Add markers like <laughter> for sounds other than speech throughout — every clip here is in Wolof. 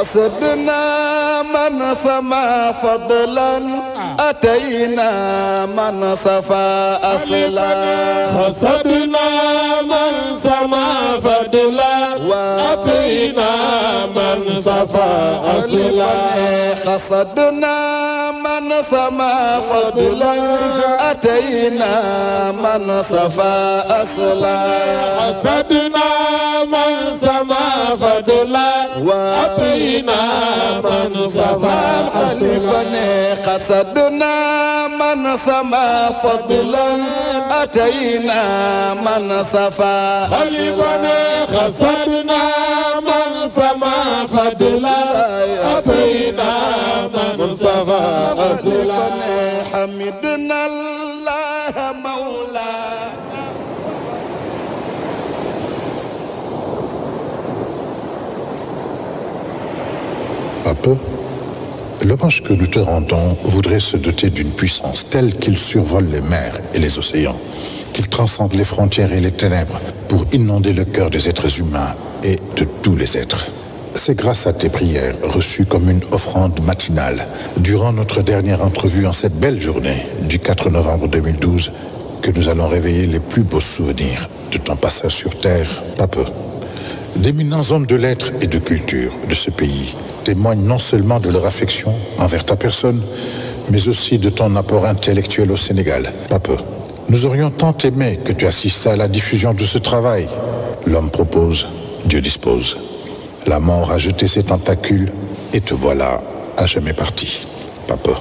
قصدنا من فما فضلا آه. أتينا من صفى أصلا قصدنا من سما فضلا أتينا من صفى أصلا قصدنا من سما فضلا أتينا من صفى أصلا قصدنا من سما فضلا وأعطينا من صفا خلفنا قصدنا من سما فضلا أتينا من صفا خلفنا قصدنا من سما فضلا أتينا من صفا خلفنا حمدنا Pas peu, le que nous te rendons voudrait se doter d'une puissance telle qu'il survole les mers et les océans, qu'il transcende les frontières et les ténèbres pour inonder le cœur des êtres humains et de tous les êtres. C'est grâce à tes prières reçues comme une offrande matinale durant notre dernière entrevue en cette belle journée du 4 novembre 2012 que nous allons réveiller les plus beaux souvenirs de ton passage sur Terre, pas peu d'éminents hommes de lettres et de culture de ce pays témoignent non seulement de leur affection envers ta personne, mais aussi de ton apport intellectuel au Sénégal. Pas Nous aurions tant aimé que tu assistes à la diffusion de ce travail. L'homme propose, Dieu dispose. La mort a jeté ses tentacules et te voilà à jamais parti. papa.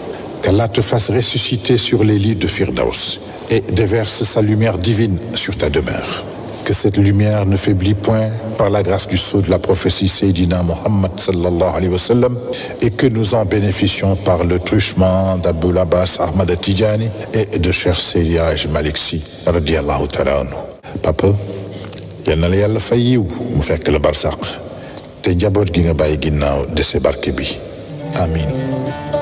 Qu'Allah te fasse ressusciter sur les lits de Firdaus et déverse sa lumière divine sur ta demeure que cette lumière ne faiblit point par la grâce du sceau de la prophétie Sayyidina Muhammad sallallahu alayhi wa sallam et que nous en bénéficions par le truchement d'Abou Labas Ahmad Atidjani et de cher Seydi Maliksi radiallahu ta'ala anhu papa il y la yàlla fay yiw la barsaq te fait gi nga bàyyi de amin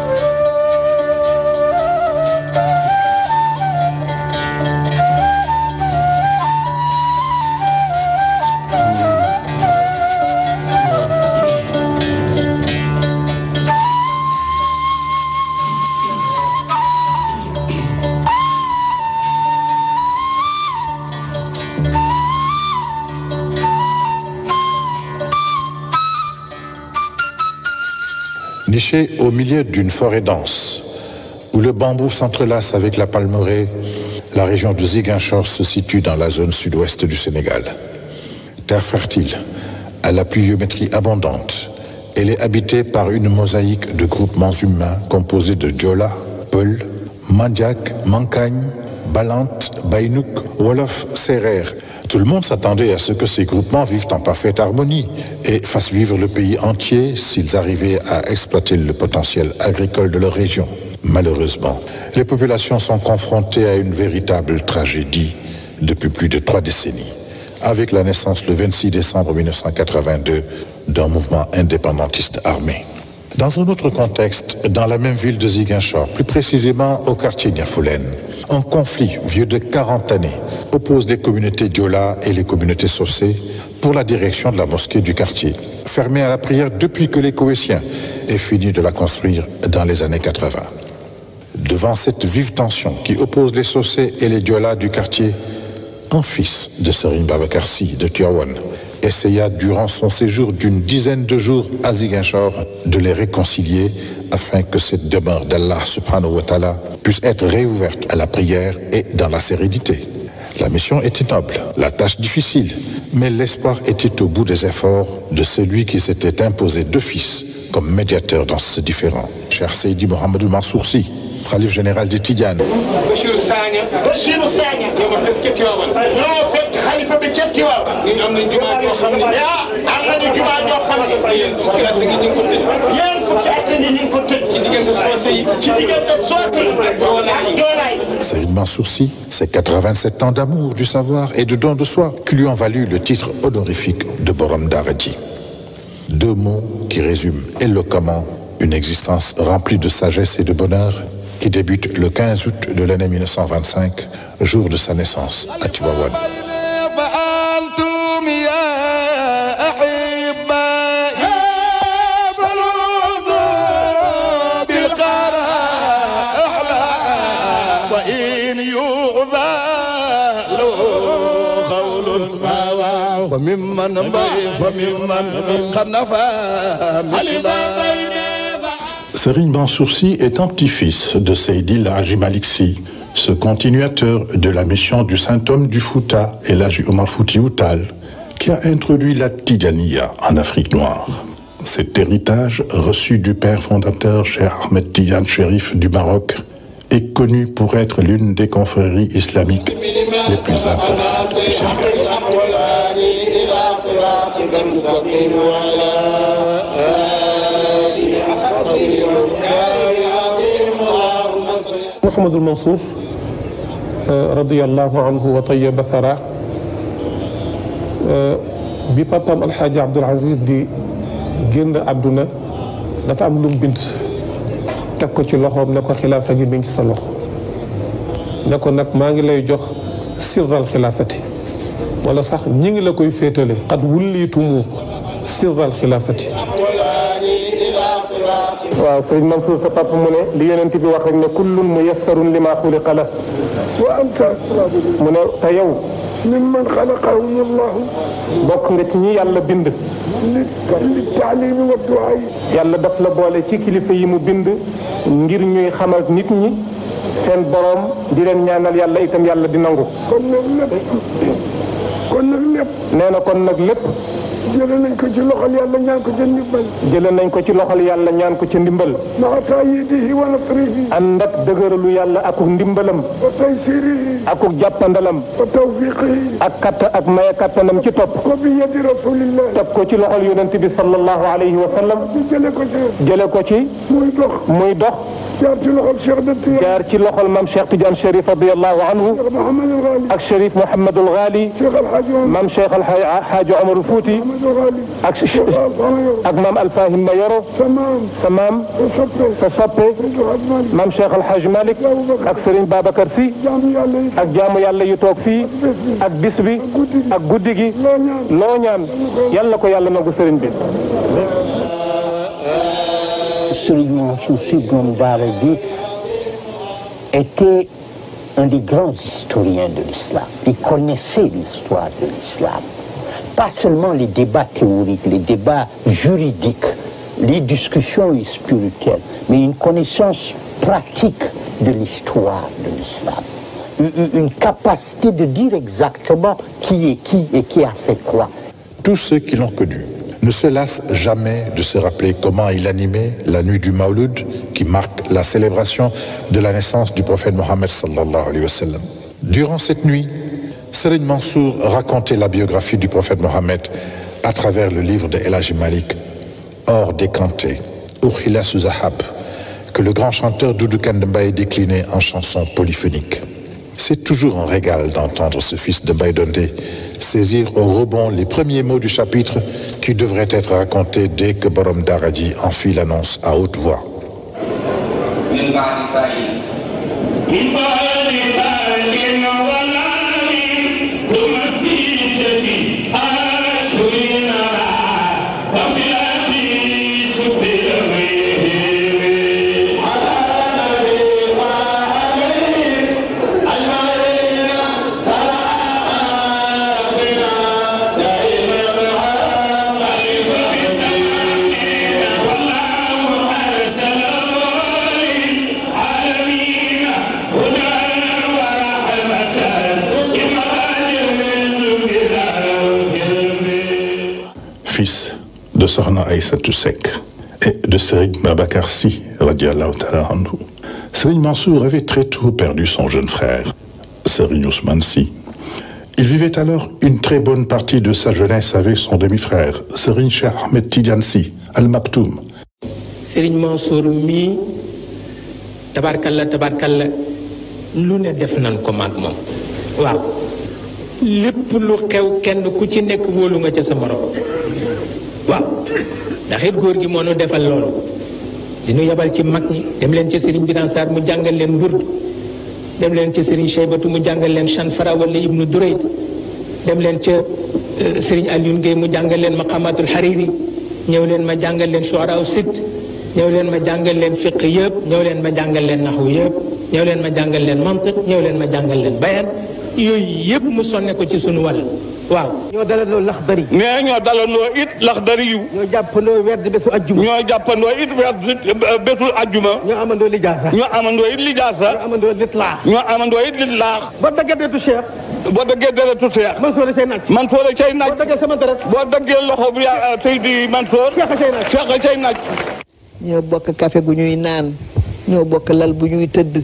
au milieu d'une forêt dense, où le bambou s'entrelace avec la palmeraie, la région de Ziguinchor se situe dans la zone sud-ouest du Sénégal. Terre fertile, à la pluviométrie abondante, elle est habitée par une mosaïque de groupements humains composés de Djola, Peul, Mandiak, Mankagne, Balante, Bainouk, Wolof, Serrer, tout le monde s'attendait à ce que ces groupements vivent en parfaite harmonie et fassent vivre le pays entier s'ils arrivaient à exploiter le potentiel agricole de leur région. Malheureusement, les populations sont confrontées à une véritable tragédie depuis plus de trois décennies, avec la naissance le 26 décembre 1982 d'un mouvement indépendantiste armé. Dans un autre contexte, dans la même ville de Ziguinchor, plus précisément au quartier Niafoulen, un conflit vieux de 40 années oppose les communautés Diola et les communautés Sossé pour la direction de la mosquée du quartier, fermée à la prière depuis que les Coétiens aient fini de la construire dans les années 80. Devant cette vive tension qui oppose les Sossé et les Diola du quartier, un fils de Serine Babakarsi de Tiawan, essaya durant son séjour d'une dizaine de jours à Ziguinchor de les réconcilier afin que cette demeure d'Allah subhanahu wa ta'ala puisse être réouverte à la prière et dans la sérénité. La mission était noble, la tâche difficile, mais l'espoir était au bout des efforts de celui qui s'était imposé deux fils comme médiateur dans ce différend. Cher Seydi Mohamedou Mansourci. Khalif général du Tidjane. C'est une main c'est 87 ans d'amour, du savoir et de don de soi qui lui ont valu le titre honorifique de Borom Darati. Deux mots qui résument éloquemment une existence remplie de sagesse et de bonheur qui débute le 15 août de l'année 1925, jour de sa naissance à Tibawan. Rimban Bansourci est un petit-fils de Seydi Laji Maliksi, ce continuateur de la mission du saint-homme du Fouta et Laji Omar Fouti Outal, qui a introduit la Tidaniya en Afrique noire. Cet héritage, reçu du père fondateur cher Ahmed Tiyan Sherif du Maroc, est connu pour être l'une des confréries islamiques les plus importantes du محمد المنصور آه، رضي الله عنه وطيب ثرى ببابا الحاج عبد العزيز دي جند عبدنا دفع ملوم بنت تكو تي لخوم نكو خلافة جي بنت سلوخ نكو نك ماغي لي جوخ سر الخلافة ولا صح نيغي لكو يفيتلي قد وليتمو سر الخلافة waaw sëñ Mansour sa papa mu ne li yonent bi wax rek ne kullun muyassarun li maa xuliqa la wa anta mu ne te yow mimman xalaqahu allahu bokk nga ci ñi yàlla bind li taalimi wa duaa yàlla daf la boole ci kilifa yi mu bind ngir ñuy xamal nit ñi seen borom di leen ñaanal yàlla itam yàlla di nangu kon nag lépp kon nag lépp nee na kon nag lépp jëlee nañ ko ci loxol yàlla ñaan ko ca ndimbal. jëlee nañ ko ci loxol yàlla ñaan ko ca ndimbal. maxataa yi di wala prix. ànd ak dëgëralu yàlla akuk ndimbalam. ba tey siri. akuk jàppandalam. ba tawfiq yi. ak katta ak maye kattanam ci topp. ko bi yadi rasulillah. teg ko ci loxol yonent bi sallallahu alayhi wa sallam. jëlee ko ci. jëlee ko ci. muy dox muy dox. jaar ci loxol Cheikh de Tidiane. jaar ci loxol maam Cheikh Tidiane Chérif radiyallahu anhu. ak Chérif Mouhamadul Ghali. Cheikh Al Hadj Omar. maam Cheikh Al Hadj Omar Fouti. ak ak al Alfahim ma tamam sa Mam Cheikh Al Hadj Malick ak Serigne Babacar si ak jaamu yalla yu tok fi ak bis ak ñaan yalla ko yalla Serigne bi. Serigne était un des grands historiens de l'islam. Il connaissait l'histoire de l'islam pas seulement les débats théoriques, les débats juridiques, les discussions spirituelles, mais une connaissance pratique de l'histoire de l'islam. Une, capacité de dire exactement qui est qui et qui a fait quoi. Tous ceux qui l'ont connu ne se lassent jamais de se rappeler comment il animait la nuit du Maulud, qui marque la célébration de la naissance du prophète Mohammed Durant cette nuit, Serine Mansour racontait la biographie du prophète Mohammed à travers le livre de El Malik, Hors décanté, Urhila Suzahab, que le grand chanteur Doudou Kandembaye déclinait en chanson polyphonique. C'est toujours un régal d'entendre ce fils de Baïdondé saisir au rebond les premiers mots du chapitre qui devraient être racontés dès que Barom Daradi en fit l'annonce à haute voix. de Sohna Aïssa Tusek et de Sérig Babacar Sy, radiallahu ta'ala andou Mansour avait très tôt perdu son jeune frère, Sérig Ousmane Sy. Il vivait alors une très bonne partie de sa jeunesse avec son demi-frère, Sérig Cheikh Ahmed Sy, Al-Maktoum. Sérig Mansour mi, tabarkalla tabarkalla, nous ne def de commandement. Voilà. moom lu xew kenn ku ci nekk nga sa waaw ndax it góor gi moo nu defal loolu dinu yebal ci mag ñi dem leen ci sëriñ Birane mu jàngal leen wird dem leen ci sëriñ Cheybatu mu jàngal leen Chan Fara wala Ibnu Durayd dem leen ca euh, sëriñ Alioune Gueye mu jàngal leen maqamatul Hariri ñëw leen ma jàngal leen Shuara Sitt ñëw leen ma jàngal leen fiq yëpp ñëw leen ma jàngal leen naxu yëpp ñëw leen ma jàngal leen mantiq ñëw leen ma jàngal leen bayan yooyu yëpp mu sonne ko ci sunu wàll waaw ñoo dalandoo laxdari nee ñoo dalandoo it laxdari yu ñoo jàppandoo werd bésu ajjuma ñoo jàppandoo it werd bésu ajjuma ñoo amandoo lijaasa ñoo amandoo it lijaasa ñoo amandoo litlaax ñoo amandoo it litlaax ba daggateetu cheikh boo daggee deretu cheikh Mansour cay naaj Mansour cay naaj boo daggee sama deret boo daggee loxo bu yaa Seydi euh, Mansour cheikh cay naaj cay naaj ñoo bokk café gu ñuy naan ñoo bokk lal bu ñuy tëdd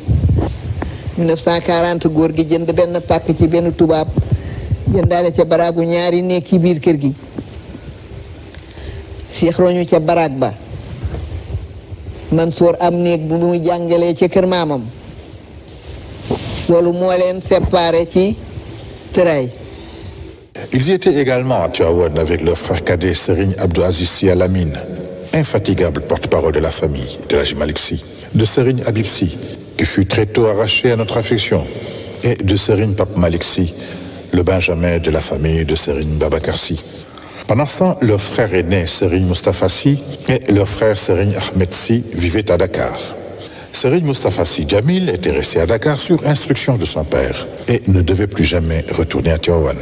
1940 góor gi jënd benn pàkk ci benn tubaab Ils étaient également à Tivaouane avec leur frère cadet Serigne Abdou Aziz la infatigable porte-parole de la famille de la Malick de Serigne Habib qui fut très tôt arraché à notre affection, et de Serigne Pape Malixi, le benjamin de la famille de Serine Babakarsi. Pendant ce temps, leur frère aîné, Serine Mustafasi, et leur frère Ahmed Ahmedsi vivaient à Dakar. Serine Mustafasi Djamil était resté à Dakar sur instruction de son père et ne devait plus jamais retourner à Tiawan.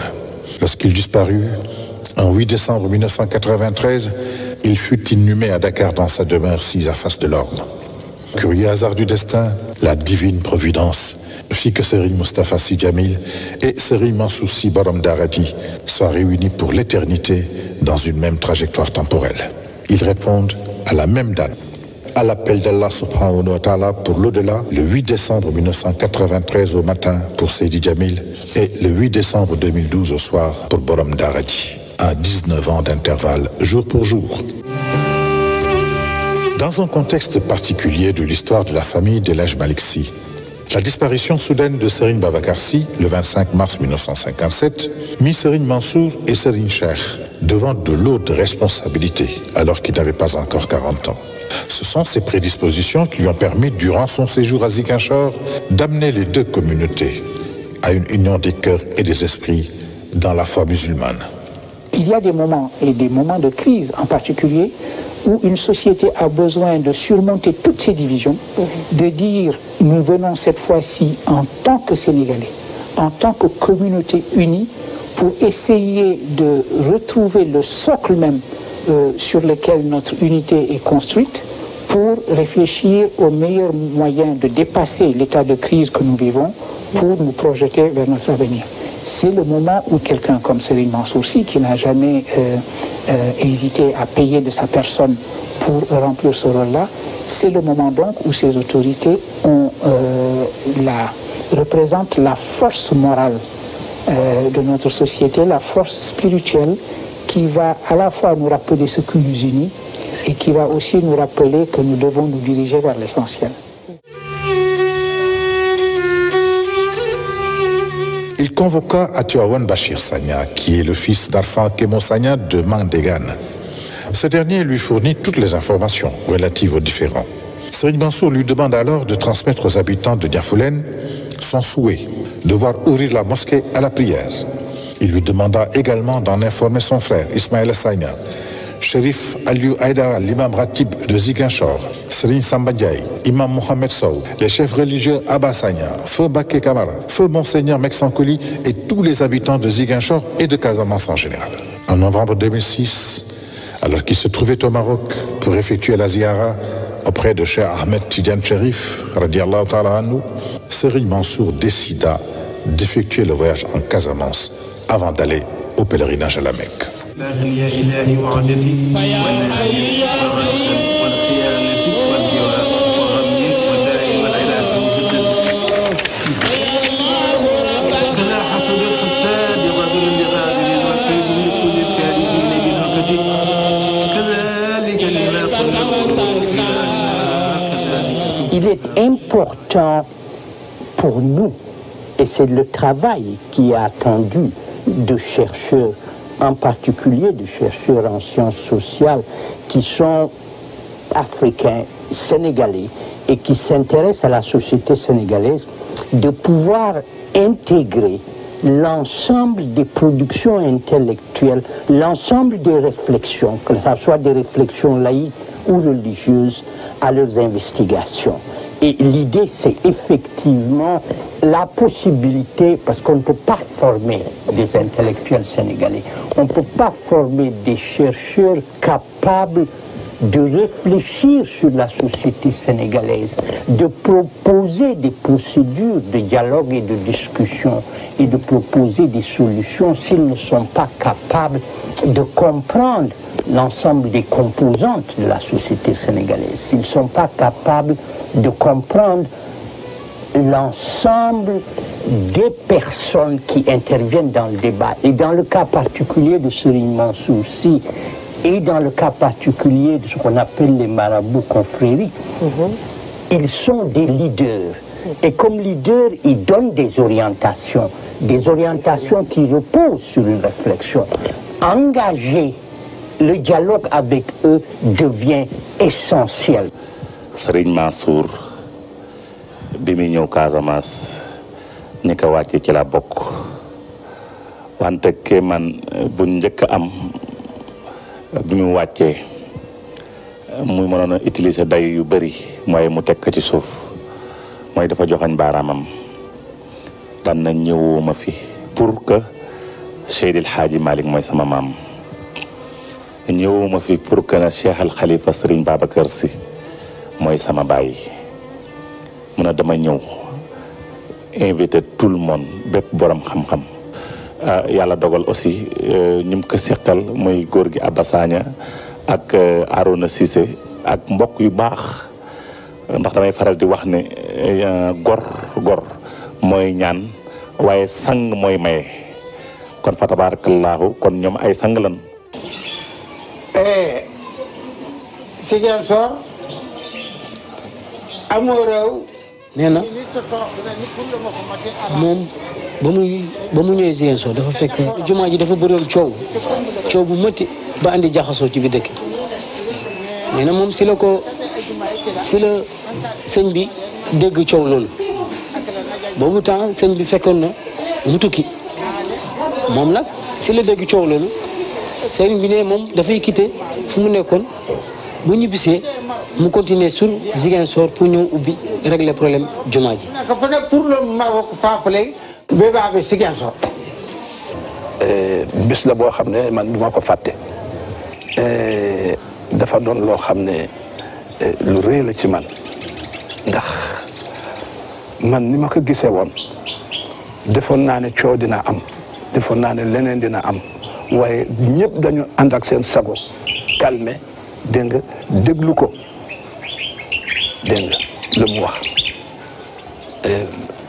Lorsqu'il disparut, en 8 décembre 1993, il fut inhumé à Dakar dans sa demeure sise à face de l'ordre. Curieux hasard du destin, la divine providence fit que Seri Mustafa Sidjamil et Serine Mansoussi Baram Daradi soient réunis pour l'éternité dans une même trajectoire temporelle. Ils répondent à la même date à l'appel d'Allah subhanahu wa ta'ala pour l'au-delà, le 8 décembre 1993 au matin pour Sidi Jamil et le 8 décembre 2012 au soir pour Borom Daradi, à 19 ans d'intervalle jour pour jour. Dans un contexte particulier de l'histoire de la famille d'Elaj Maliksi, la disparition soudaine de Serine Babakarsi le 25 mars 1957 mit Serine Mansour et Serine Cher devant de lourdes responsabilités alors qu'ils n'avaient pas encore 40 ans. Ce sont ces prédispositions qui lui ont permis, durant son séjour à Zikinchor, d'amener les deux communautés à une union des cœurs et des esprits dans la foi musulmane il y a des moments, et des moments de crise en particulier, où une société a besoin de surmonter toutes ses divisions, mhm. de dire nous venons cette fois-ci en tant que Sénégalais, en tant que communauté unie, pour essayer de retrouver le socle même euh, sur lequel notre unité est construite, pour réfléchir aux meilleurs moyens de dépasser l'état de crise que nous vivons, pour nous projeter vers notre avenir c'est le moment où quelqu'un comme Céline Mansourci, qui n'a jamais euh, euh, hésité à payer de sa personne pour remplir ce rôle-là, c'est le moment donc où ces autorités euh, représentent la force morale de notre société, la force spirituelle qui va à la fois nous rappeler ce qui nous unit et qui va aussi nous rappeler que nous devons nous diriger vers l'essentiel. Il convoqua Atiawan Bashir Sanya, qui est le fils d'Arfan Kemo Sanya de Mandegan. Ce dernier lui fournit toutes les informations relatives aux différents. Sering Mansour lui demande alors de transmettre aux habitants de Niafoulen son souhait de voir ouvrir la mosquée à la prière. Il lui demanda également d'en informer son frère Ismaël Sanya, shérif Aliou Haïdara, l'imam Ratib de Ziguinchor, Serine Samba Imam Mohamed Sow, les chefs religieux Abba Sanya, Feu Baké Kamara, Feu Monseigneur Mexancoli et tous les habitants de Ziguinchor et de Casamance en général. En novembre 2006, alors qu'il se trouvait au Maroc pour effectuer la ziyara auprès de Cheikh Ahmed Tidiane Cherif, Serine Mansour décida d'effectuer le voyage en Casamance avant d'aller au pèlerinage à la Mecque. C'est important pour nous, et c'est le travail qui est attendu de chercheurs, en particulier de chercheurs en sciences sociales, qui sont africains, sénégalais, et qui s'intéressent à la société sénégalaise, de pouvoir intégrer l'ensemble des productions intellectuelles, l'ensemble des réflexions, que ce soit des réflexions laïques ou religieuses, à leurs investigations. Et l'idée, c'est effectivement la possibilité, parce qu'on ne peut pas former des intellectuels sénégalais, on ne peut pas former des chercheurs capables de réfléchir sur la société sénégalaise, de proposer des procédures de dialogue et de discussion et de proposer des solutions s'ils ne sont pas capables de comprendre l'ensemble des composantes de la société sénégalaise, s'ils ne sont pas capables de comprendre l'ensemble des personnes qui interviennent dans le débat. Et dans le cas particulier de Serine Mansour, si et dans le cas particulier de ce qu'on appelle les marabouts confréries, mhm. ils sont des leaders. Mhm. Et comme leaders, ils donnent des orientations, des orientations qui reposent sur une réflexion. Engager le dialogue avec eux devient essentiel. Serigne Mansour Kazamas, bi mu wàccee muy mënoon a utiliser dayu yu bari mooy mu teg ko ci suuf mooy dafa joxañ baaraamam daan na ñëwuma fi pour que Seydil Xaaji Malick mooy sama maam ñëwuma fi pour que na Cheikh Al Khalifa Serigne si mooy sama baay mu ne dama ñëw invité tout le monde bépp borom xam-xam Euh, yàlla dogal aussi euh, ñu mu ko seqal mooy góor gi Abba Sagna ak euh, Arona Cissé ak mbokk yu baax ndax damay faral di wax ne gor gor mooy ñaan waaye sang mooy maye kon fa tabaarakallaahu kon ñoom ay sang lan eh, Ziguinchor amoo réew nee na moom ba muy ba mu ñëwee Ziguinchor dafa fekk jumaa ji dafa bëri coow coow bu mëtti ba indi jaxasoo ci bi dëkk mais nag moom si la ko si la sëñ bi dégg coow loolu boobu temps sëñ bi fekkoon na mu tukki moom nag si la dégg coow loolu sëñ bi ne moom dafay quitté fu mu nekkoon bu ñibbisee mu continuer sur Ziguinchor pour ñëw ubbi régler problème jumaa ji. pour le Maroc bis euh, la boo xam ne man duma ko fàtte. Euh, dafa doon loo xam ne euh, lu rëy la ci man ndax man ni ko gisee woon defoon naa ne coow dina am defoon naa ne leneen dina am waaye ñëpp dañu ànd ak seen sago calme. dégg deglu ko dégg le lu euh,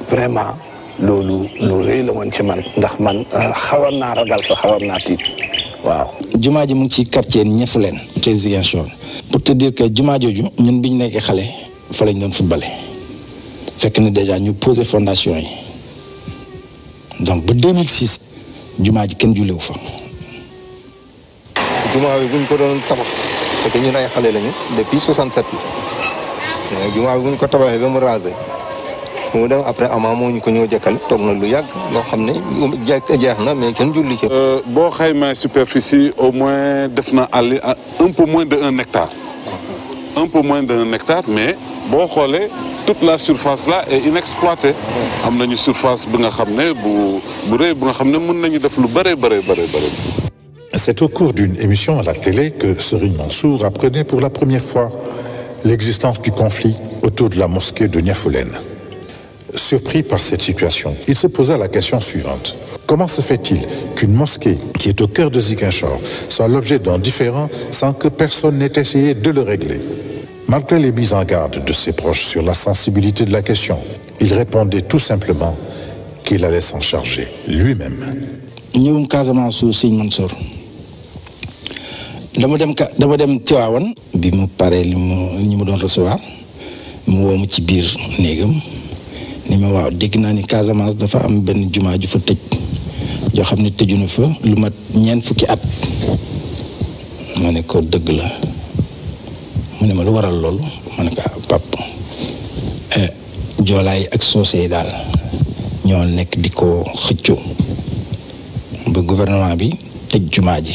vraiment lolu lu rëy la woon ci man ndax man euh, xawoon naa ragal fa xawoon naa tiit waaw. jumaa ji mu ci quartier ñefu leen ci Ziguinchor. pour te dire que jumaa jooju ñun bi ñu xalé fa lañ doon footballé fekk ni déjà ñu poser fondation yi donc ba 2006 jumaa ji kenn jullewu fa. jumaa bi buñ ko doon tabax depuis 67 après superficie au moins aller un peu moins de un hectare. un peu moins de hectare mais toute la surface là est inexploitée. surface ne c'est au cours d'une émission à la télé que Serine Mansour apprenait pour la première fois l'existence du conflit autour de la mosquée de Niafoulen. Surpris par cette situation, il se posa la question suivante. Comment se fait-il qu'une mosquée qui est au cœur de Zikinchor soit l'objet d'un différend sans que personne n'ait essayé de le régler Malgré les mises en garde de ses proches sur la sensibilité de la question, il répondait tout simplement qu'il allait s'en charger lui-même. dama dem ka dama dem Tiwaawan bi mu paree li mu ñi mu doon recevoir mu woomu ci biir néegam ni ma waaw dégg naa ni Casamance dafa am benn jumaa ju fa tëj yoo xam ne tëju fa lu mat ñeent fukki at ma ne ko dëgg la mu ne ma lu waral loolu ma ne ko ah pap eh, joolaay ak soose yi daal ñoo nekk di ko xëcco ba gouvernement bi tëj jumaa ji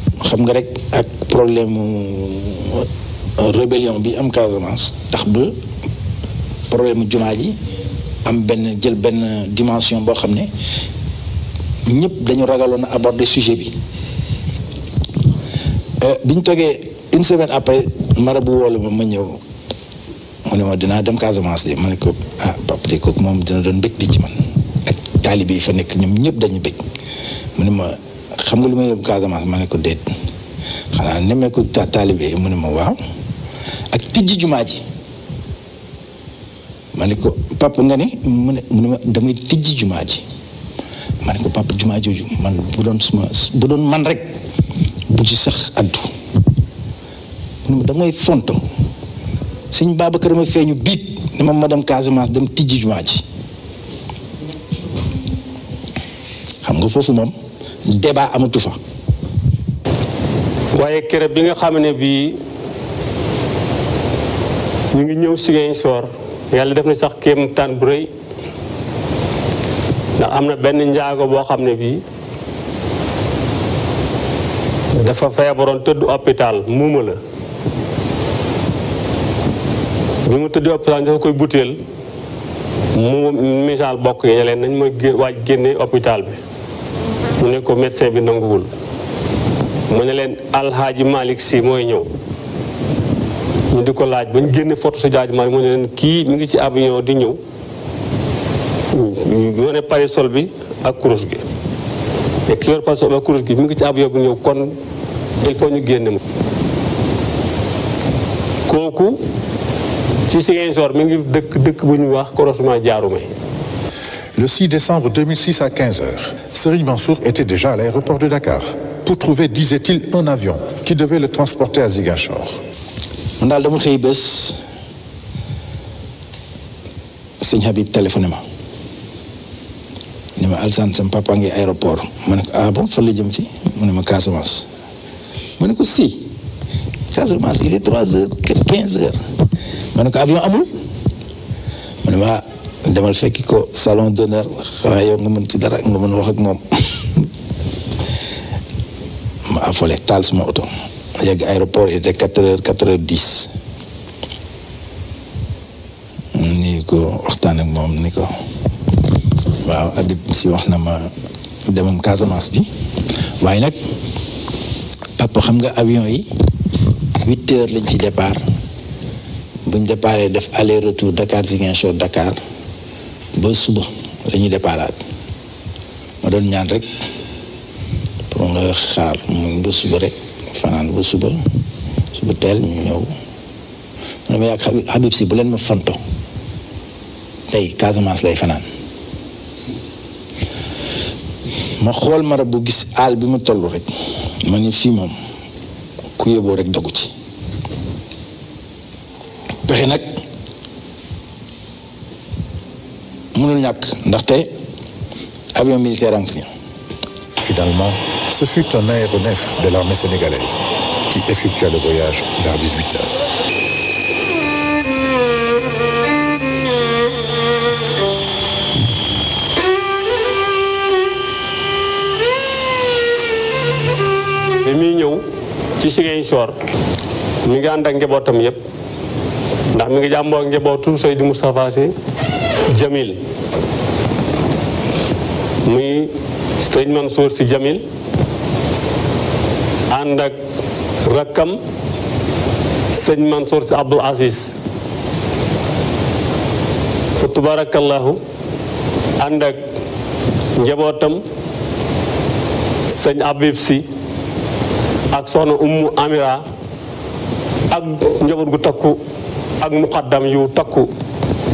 xam nga rek ak problème euh, rébellion bi am Casamance tax ba problème mu jumaa ji am benn jël benn dimension boo xam ne ñëpp dañu ragaloon a de sujet bi euh, bi ñu toogee une semaine après bu woolu ma ma ñëw mu ne ma dinaa dem Casamance de ma ne ko ah papa de kooku moom dina doon bëgg di ci man ak taalibe yi fa nekk ñoom ñëpp dañu bëgg mu ne ma xam nga lu may yóbbu Casamance ma ko déet xanaa nemmeeku ta taalibe mu ne ma waaw ak tijji jumaa ji ma ne ko papa nga ne tijji jumaa ji ma ne ko papa jumaa jooju man bu doon suma bu doon man rek bu ci sax addu mu ne ma damay fonto sëñ Babacar ma feeñu biit ne ma ma dem Casamance dem tijji jumaa ji xam nga foofu moom débat amatu fa waaye kere bi nga xam ne bii ñu ngi ñëw sigéen soor yàlla def na sax kéem taan bu rëy da am benn njaago boo xam ne dafa feebaroon tëdd hôpital muuma la bi mu tëdd hôpital dafa koy butéel mu misaal bokk yi ne leen nañ ma waaj génne hôpital bi mu ne ko médecin bi nanguwul mu ne leen alxaaji Malick si mooy ñëw ñu di ko laaj ba ñu génne photo si jaaji Malick mu ne leen kii mu ngi ci avion di ñëw mu ne parasol bi ak kurus gi te ki yor parasol bi ak kurus gi mi ngi ci avion bi ñëw kon il faut ñu génne kooku ci Ziguinchor mi ngi dëkk dëkk bu ñu wax croisement Diaroumé Le 6 décembre 2006 à 15h, Serigne Mansour était déjà à l'aéroport de Dakar pour trouver, disait-il, un avion qui devait le transporter à Ziguinchor. man daal dama à bés sëñ Habib téléphoné moi. ni alsan Alsane sam papa ngi aéroport ma ne ko suis ah bon fan la jëm si mu ne ma Casamance ma ne ko si Casamance il est trois heures quinze heures ma ne ko avion amul mu ne ah, demal fekki ko salon d'honneur xanaa yow nga mën ci dara nga mën wax ak moom ma affolé taal suma oto yegg aéroport il était quatre heures quatre heures dix ni ko waxtaan ak moom ni ko waaw Habib si wax na ma demam Casamance bi waaye nag papa xam nga avion yi huit heures lañ ci départ buñ départee def aller retour Dakar Ziguinchor Dakar ba suba lañuy ñuy ma doon ñaan rek pour nga xaar mu ba suba rek fanaan ba suba suba teel ñu ñëw ma ne ma yàgg Habib si bu leen ma fanto tey Casamance lay fanaan ma xool mara bu gis àll bi mu tollu rek ma ne fii moom ku yóbboo rek dogu ci pexe nag Nous ñàkk ndaxte avion militaire am Finalement, ce fut un aéronef de l'armée sénégalaise qui effectua le voyage vers 18 heures. bi muy ñëw ci Ziguinchor mi ngi ànd ak njabootam yëpp ndax mi ngi jàmboo ak njabootu Seydou Moustapha C. Jamil muy sëñ Mansour si Jamil ànd ak rakkam sëñ Mansour si Abdul Aziz fa tubaarakallaahu ànd ak njabootam sëñ Abib si ak soxna Ummu Amira ak njaboot gu takku ak muqaddam yu takku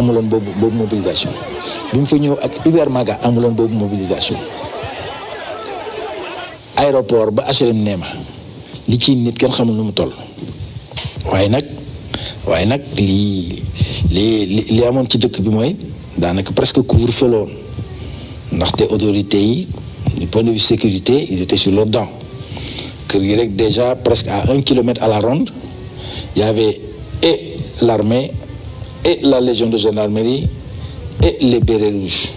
amulon bobu mobilisation bimu fa ñëw ak maga amulon bobu mobilisation aéroport ba HLM nema li ci nit kenn xamul nu mu toll waye nak waye nak li li li amon ci dëkk bi moy danaka presque couvre-feu la woon autorité yi du point de vue sécurité ils étaient sur leurs dents kër gi rek déjà presque à un kilomètre à la ronde il y avait et l'armée et la Légion de gendarmerie et les bérets rouges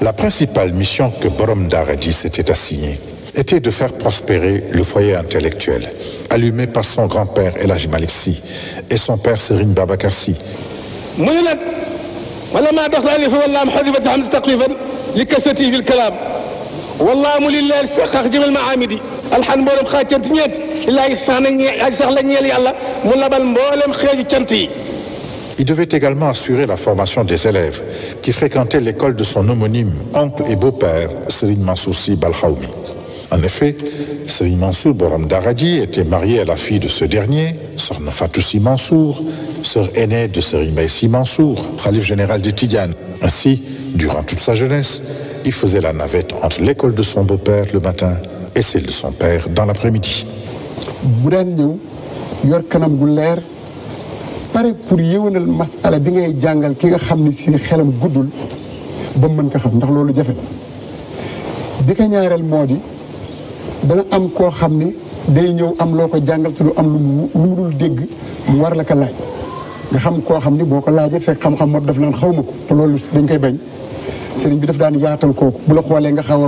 La principale mission que Borom Daradi s'était assignée était de faire prospérer le foyer intellectuel, allumé par son grand-père El et son père Serigne Babakarsi. Il devait également assurer la formation des élèves qui fréquentaient l'école de son homonyme oncle et beau-père Serine Mansoussi Balhaoumi. En effet, Sey Mansour Boram Daradi était marié à la fille de ce dernier, Sœur Nafatousi Mansour, sœur aînée de Sey Maïsi Mansour, Khalif général de Tidiane. Ainsi, durant toute sa jeunesse, il faisait la navette entre l'école de son beau-père le matin et celle de son père dans l'après-midi. dana am koo xam ne day ñëw am loo ko jàngal te lu am lu mu lu mu dul dégg mu war la ko laaj nga xam koo xam ni boo ko laajee fekk xam-xam moo daf naan xaw ma ko te dañ koy bañ sëriñ bi daf daan yaatal kooku bu la xoolee nga xaw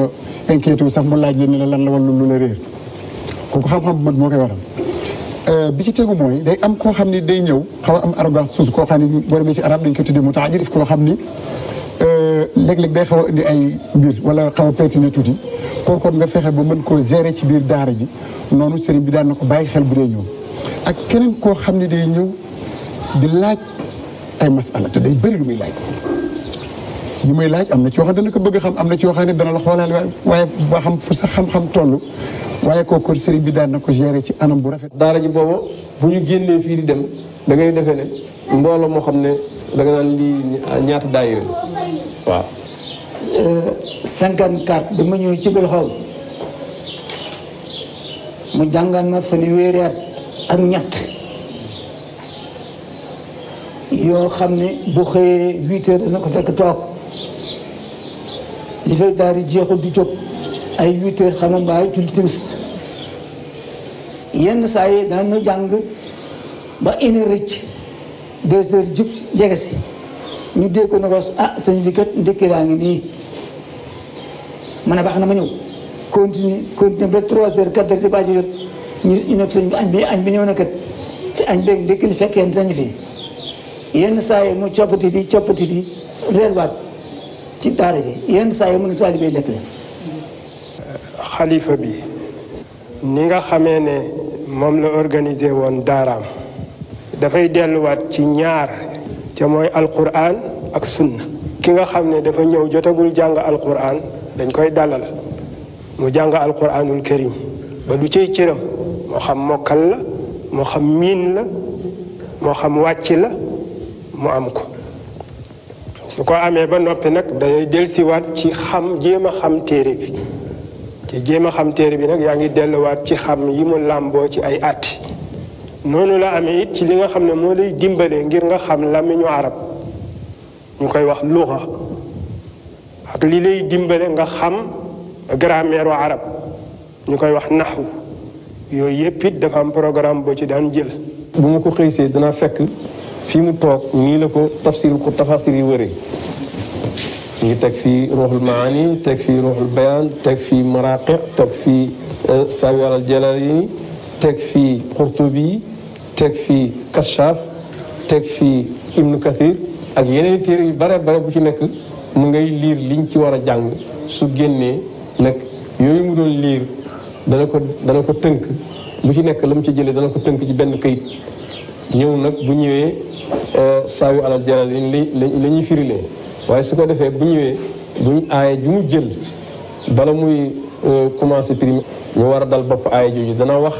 a inquiété wu sax mu laaj la ne la lan la lu la réer kooku xam-xam bu mat moo koy waral. Euh, bi ci tegu mooy day am koo xam ne day ñëw xaw a am arrogance suus koo xam ni boo demee ci arab dañ koy tuddee mu taajirif koo xam ni léeg-léeg day xaw a indi ay mbir wala xaw a peetine tuuti kooku kon nga fexe ba mën koo gérer ci biir daara ji noonu sëriñ bi daan na ko bàyyi xel bu dee ñëw ak keneen koo xam ne day ñëw di laaj ay masala te day bëri lu muy laaj yi muy laaj am na ci yoo dana ko bëgg xam am na ci yoo ne dana la xoolaal waaye ba xam fu sa xam-xam toll waaye bi daan na ko gérer ci anam bu rafet. daara ji boobu bu ñu génnee fii di dem da ngay ne mbooloo moo xam ne. da nga naan lii ñaata daayira waaw. 54 bi ma ñëw ci biir xaw mu jàngal ma fanweeri at ak ñett yoo xam ne bu xëyee 8 heures dana ko fekk toog li fay daal di jeexul du jóg ay 8 xam nga mbaay julli timis yenn saa yi daan jàng ba une rëcc. deux heures jub jege si ñu dégg ko ne ko ah sëñ bi kat ndékki laa ngi nii ma ne baax na ma ñëw continue continue ba trois heures quatre heures di bàyyi jot ñu nekk sëñ bi añ bi añ bi ñëw na fi añ beeg ndékki li fekkee dinañu fi yenn saa yi mu coppati fi coppati fi reerwaat ci daara ji yenn saa yi mu ne taalibe lekk la xalifa bi ni nga xamee ne moom la organisé woon daaraam dafay delluwaat ci ñaar ca mooy alquran ak sunna ki nga xam ne dafa ñëw jotagul jàng alquran dañ koy dalal mu jàng alquranul karim ba du cay cëram moo xam mokkal la moo xam miin la moo xam wàcc la mu am ko su ko amee ba noppi nag day dellusiwaat ci xam jéem a xam téere bi ci jéem a xam téere bi nag yaa ngi delluwaat ci xam yi mu làmboo ci ay atti noonu la amee it ci li nga xam ne moo lay dimbalee ngir nga xam làmmiñu arab ñu koy wax luxa ak li lay dimbale nga xam grammaire wa arab ñu koy wax naxu yooyu yëpp it dafa am programme boo ci daan jël bu ma ko xëysee dana fekk fii mu toog nii la ko tafsir ko tafasir yi wëree ñu ngi teg fii ruuxul maani teg fii ruuxul bayaan teg fii maraqiq teg fii sawi alal jalal yi teg fii xurtubi teg fii Kashaf teg fi Ibnu Kathir ak yeneen téere yu bare bare bu ci nekk mu ngay liir liñ ci war a jàng su génnee nag yooyu mu doon liir dana ko dana ko tënk bu ci nekk la mu ci jëlee dana ko tënk ci benn kayit ñëw nag bu ñëwee euh, saa yu alal jaral li la firilee waaye su ko defee bu ñëwee buñ aaye ju mu jël bala muy euh, commencé prime ñu war a dal bopp aaye jooju dana wax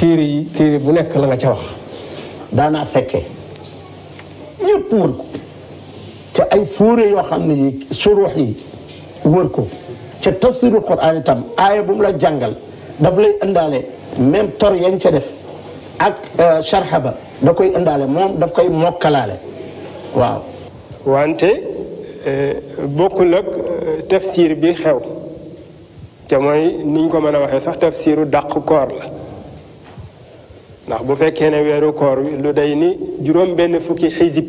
téere yi bu nekk la nga ca wax daanaa fekke ñëpp wër ko te ay fóore yoo xam ne yi yi wër ko ca tafsirul quran itam aaya bu mu la jàngal daf lay indaale même tor yañ ca def ak euh, sharxa ba da koy indaale moom daf koy mokkalaale waaw wante euh, bokkul ak euh, tafsir bi xew te mooy niñ ko mën a waxee sax tafsiru dàq koor la ndax bu fekkee ne weeru koor wi lu day ni juróom benn fukki xisib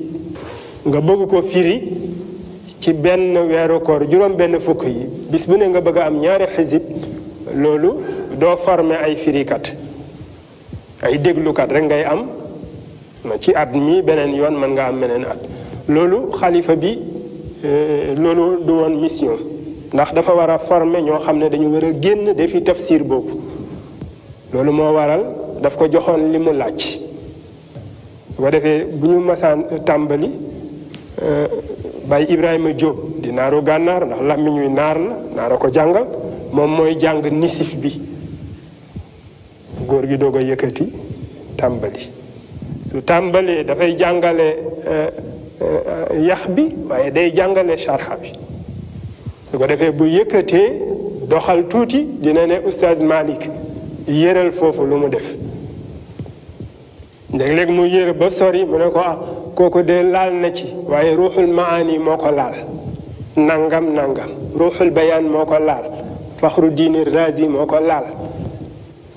nga bëgg ko firi ci benn weeru koor juróom benn fukk yi bis bu ne nga bëgg am ñaari xisib loolu doo former ay firikat ay déglukat rek ngay am ci at mii beneen yoon mën nga am beneen at loolu xalifa bi euh, loolu du woon mission ndax dafa war a former ñoo xam ne dañu war a génn defi tafsir boobu loolu moo waral daf ko joxoon li mu laaj bu bu ñu masaan tàmbali euh, Baye Ibrahima Diop di naaru gànnaar ndax wi naar la naara ko jàngal moom mooy jàng nisif bi góor gi doog a yëkkati tàmbali su tàmbalee dafay jàngale euh, euh, yax bi waaye day jàngale sharxa bi su ko defee bu yëkkatee doxal tuuti dina ne oustaz Malick yëral foofu lu mu def léeg-léeg mu yére ba sori mu ne ko ah kooku dee laal na ci waaye ruuxul maani moo ko laal nangam nangam ruuxul bayaan moo ko laal faxru diini razi moo ko laal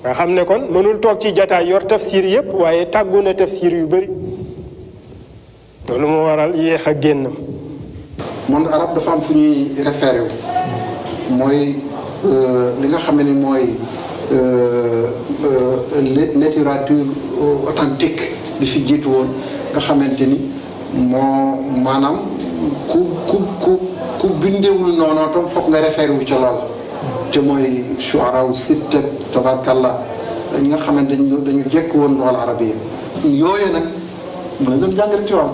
nga xam ne kon mënul toog ci jataay yor tafsir yépp waaye tàggu na siir yu bëri loolu moo waral yéex a génnam monde arabe dafa am fu ñuy référé wu mooy euh, li nga xam ne mooy Euh, euh, euh, littérature authentique bi fi jiitu woon nga xamante ni moo maanaam ku ku ku ku bindewul noonu tam foog nga référé wu ca lool te mooy suaraw sitta tabarkalla ñi nga xamante dañ dañu jekk woon arab yi yooyu nag mu la doon jàngale ci waaw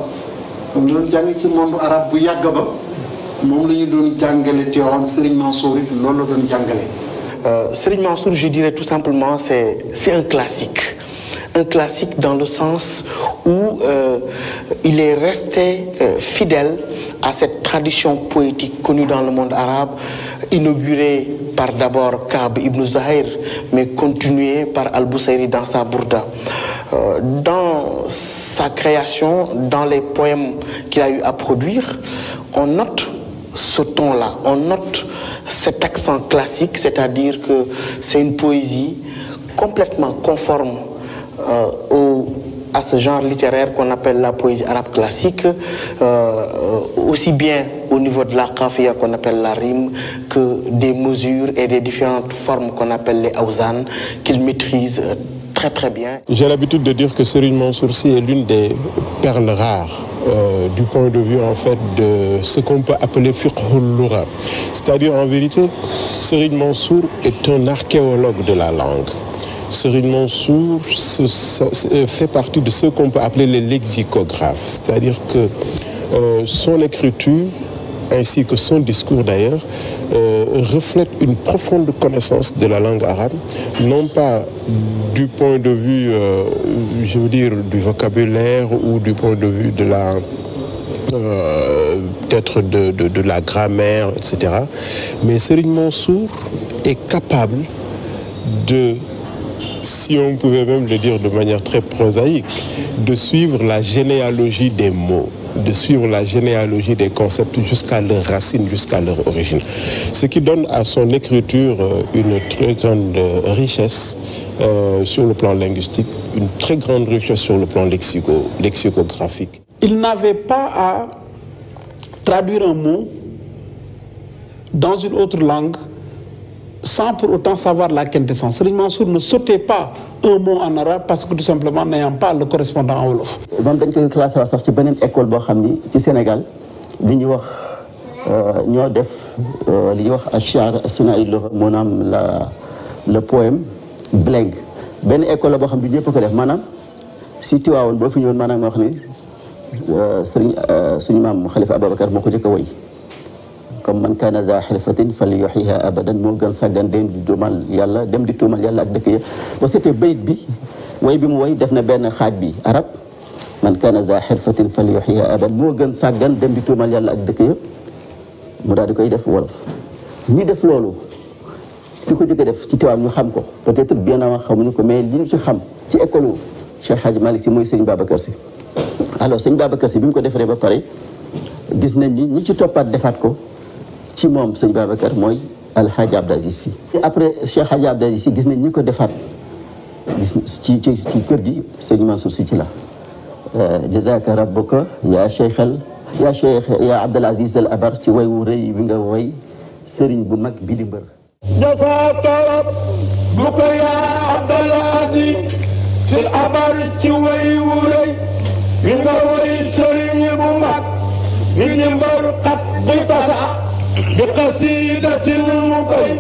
moom la doon jàngale ci monde arabe bu yàgg ba moom la ñu doon jàngale Tiwaawan Sëriñ Mansour it loolu la doon jàngale euh, Mansour, je dirais tout simplement, c'est un classique. Un classique dans le sens où euh, il est resté euh, fidèle à cette tradition poétique connue dans le monde arabe, inaugurée par d'abord Kab ibn Zahir, mais continuée par Al-Boussairi dans sa Bourda. Euh, dans sa création, dans les poèmes qu'il a eu à produire, on note ce ton-là, on note cet accent classique, c'est-à-dire que c'est une poésie complètement conforme euh, au, à ce genre littéraire qu'on appelle la poésie arabe classique, euh, aussi bien au niveau de la kafia qu'on appelle la rime, que des mesures et des différentes formes qu'on appelle les haouzanes, qu'il maîtrise euh, très très bien. J'ai l'habitude de dire que Serine Mansourci est l'une des perles rares du point de vue en fait de ce qu'on peut appeler fiqhul C'est-à-dire, en vérité, Serine Mansour est un archéologue de la langue. Serine Mansour fait partie de ce qu'on peut appeler les lexicographes, c'est-à-dire que euh, son écriture ainsi que son discours d'ailleurs, reflètent euh, reflète une profonde connaissance de la langue arabe, non pas du point de vue, euh, je veux dire, du vocabulaire ou du point de vue de la peut-être de, la grammaire, etc. Mais Céline Mansour est capable de, si on pouvait même le dire de manière très prosaïque, de suivre la généalogie des mots de suivre la généalogie des concepts jusqu'à leurs racines, jusqu'à leur origine. Ce qui donne à son écriture euh, une très grande euh, richesse euh, sur le plan linguistique, une très grande richesse sur le plan lexicographique il n'avait pas à traduire un mot dans une autre langue sans pour autant savoir la quintessence. Serigne Mansour ne sautait pas un mot en arabe parce que tout simplement n'ayant pas le correspondant en wolof. Dans une classe, il y sax une école boo xam ni ci Sénégal qui a wax euh, ñoo def euh, wax achar la le poème bilingue Ben école la boo xam ne ñëpp ko def manam si Tiwaawoon bo fi ñëwoon manam wax ni. سني آه، ما مخلف أبا بكر مخرج كوي كم من كان ذا حرفة فليحيها أبدا موجن سجن دم دومال يلا دم دومال يلا أدك يا وسيت بيت بي وي بي موي دفنا بين خاد بي عرب من كان ذا حرفة فليحيها أبدا موجن سجن دم دومال يلا أدك يا مدارك أي دف ولف مي دف لولو كي كو جيكي داف سي تيوال ني خامكو بوتيتر بيان ما خامنوكو مي لي ني سي خام سي ايكولو شيخ حاج مالك سي موي سيرن بابكر سي alors sëñ Babacar Sy bi mu ko defaree ba pare gis nañ ni ñi ci toppaat defaat ko ci moom sëñ Babacar mooy Alhaji Abdou Aziz Sy après Cheikh Hadji Aziz Sy gis nañ ñi ko defaat gis ci kër gi sëñ Mansour Sy ci la euh, jazaka rabbuka yaa cheikhal abar ci way wu rëy bi nga way sëriñ bu mag bi di mbër jazaka rabbuka yaa Abdou Aziz al abar ci way wu rëy ñu ngawari ni bu mag mi ñu mbar xat bu tasa bi xasiidatin mu koy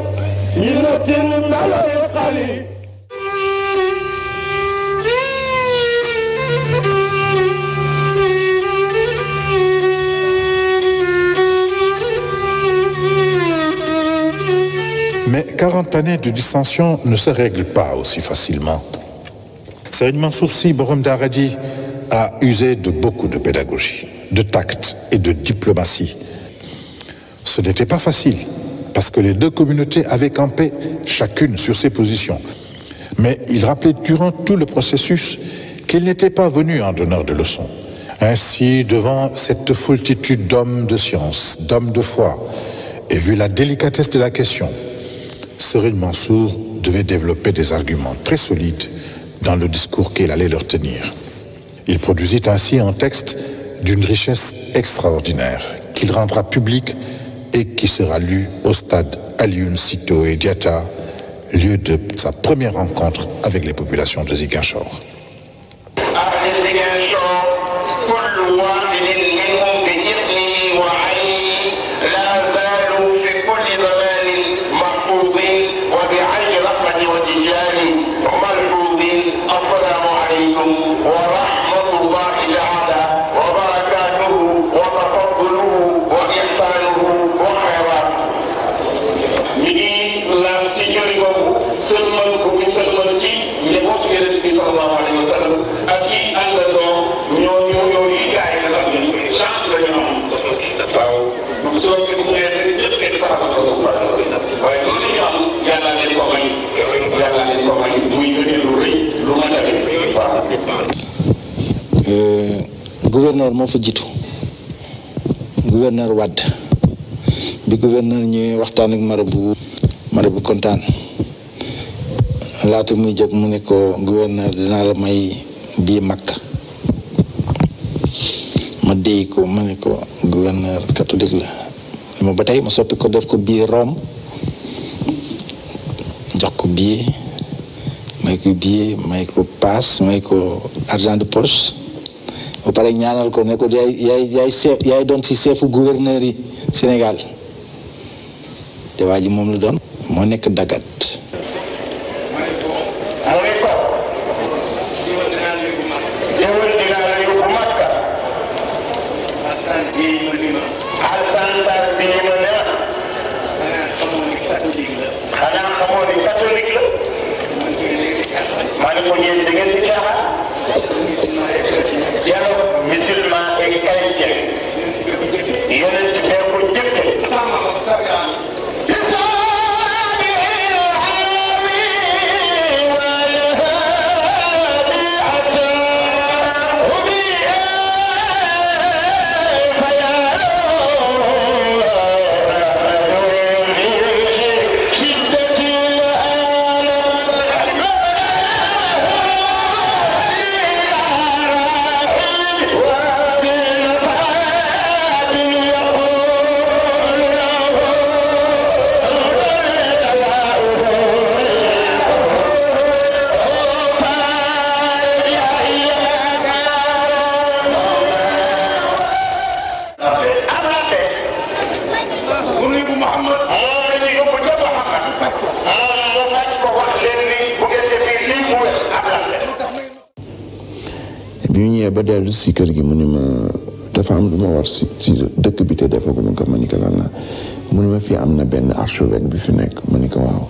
yi natin melay xali Mais 40 années de dissension ne se règlent pas aussi facilement. Sérignement Sourci, Borom Daradi, a usé de beaucoup de pédagogie, de tact et de diplomatie. Ce n'était pas facile, parce que les deux communautés avaient campé chacune sur ses positions. Mais il rappelait durant tout le processus qu'il n'était pas venu en donneur de leçons. Ainsi, devant cette foultitude d'hommes de science, d'hommes de foi, et vu la délicatesse de la question, Serine Mansour devait développer des arguments très solides dans le discours qu'il allait leur tenir. Il produisit ainsi un texte d'une richesse extraordinaire, qu'il rendra public et qui sera lu au stade Aliun Sito et Diata, lieu de sa première rencontre avec les populations de Zikinchor. Ah, Eh, gouverneur moo fa jiitu gouverneur wad bi gouverneur ñëwee waxtaan ak marabu marabu kontaan laata muy jóg mu ne ko gouverneur dinaa la may ma déy ko ma ne ko gouverneur catholique la ma ba ma soppi ko def ko bi Rome jox ko bii may ko bi may ko paas may ko argent de poche ba pare ñaanal ko ne ko yaay yaay yaay chef yaay doon si chefu gouverneur yi Sénégal te waa ji moom la doon moo nekk dagat ba dellu si kër gi mu ni ma dafa am lu ma war si si dëkk bi te defaguma ko ma ni ko lan la mu ni fii am na benn archevêque bi fi nekk ma ni ko waaw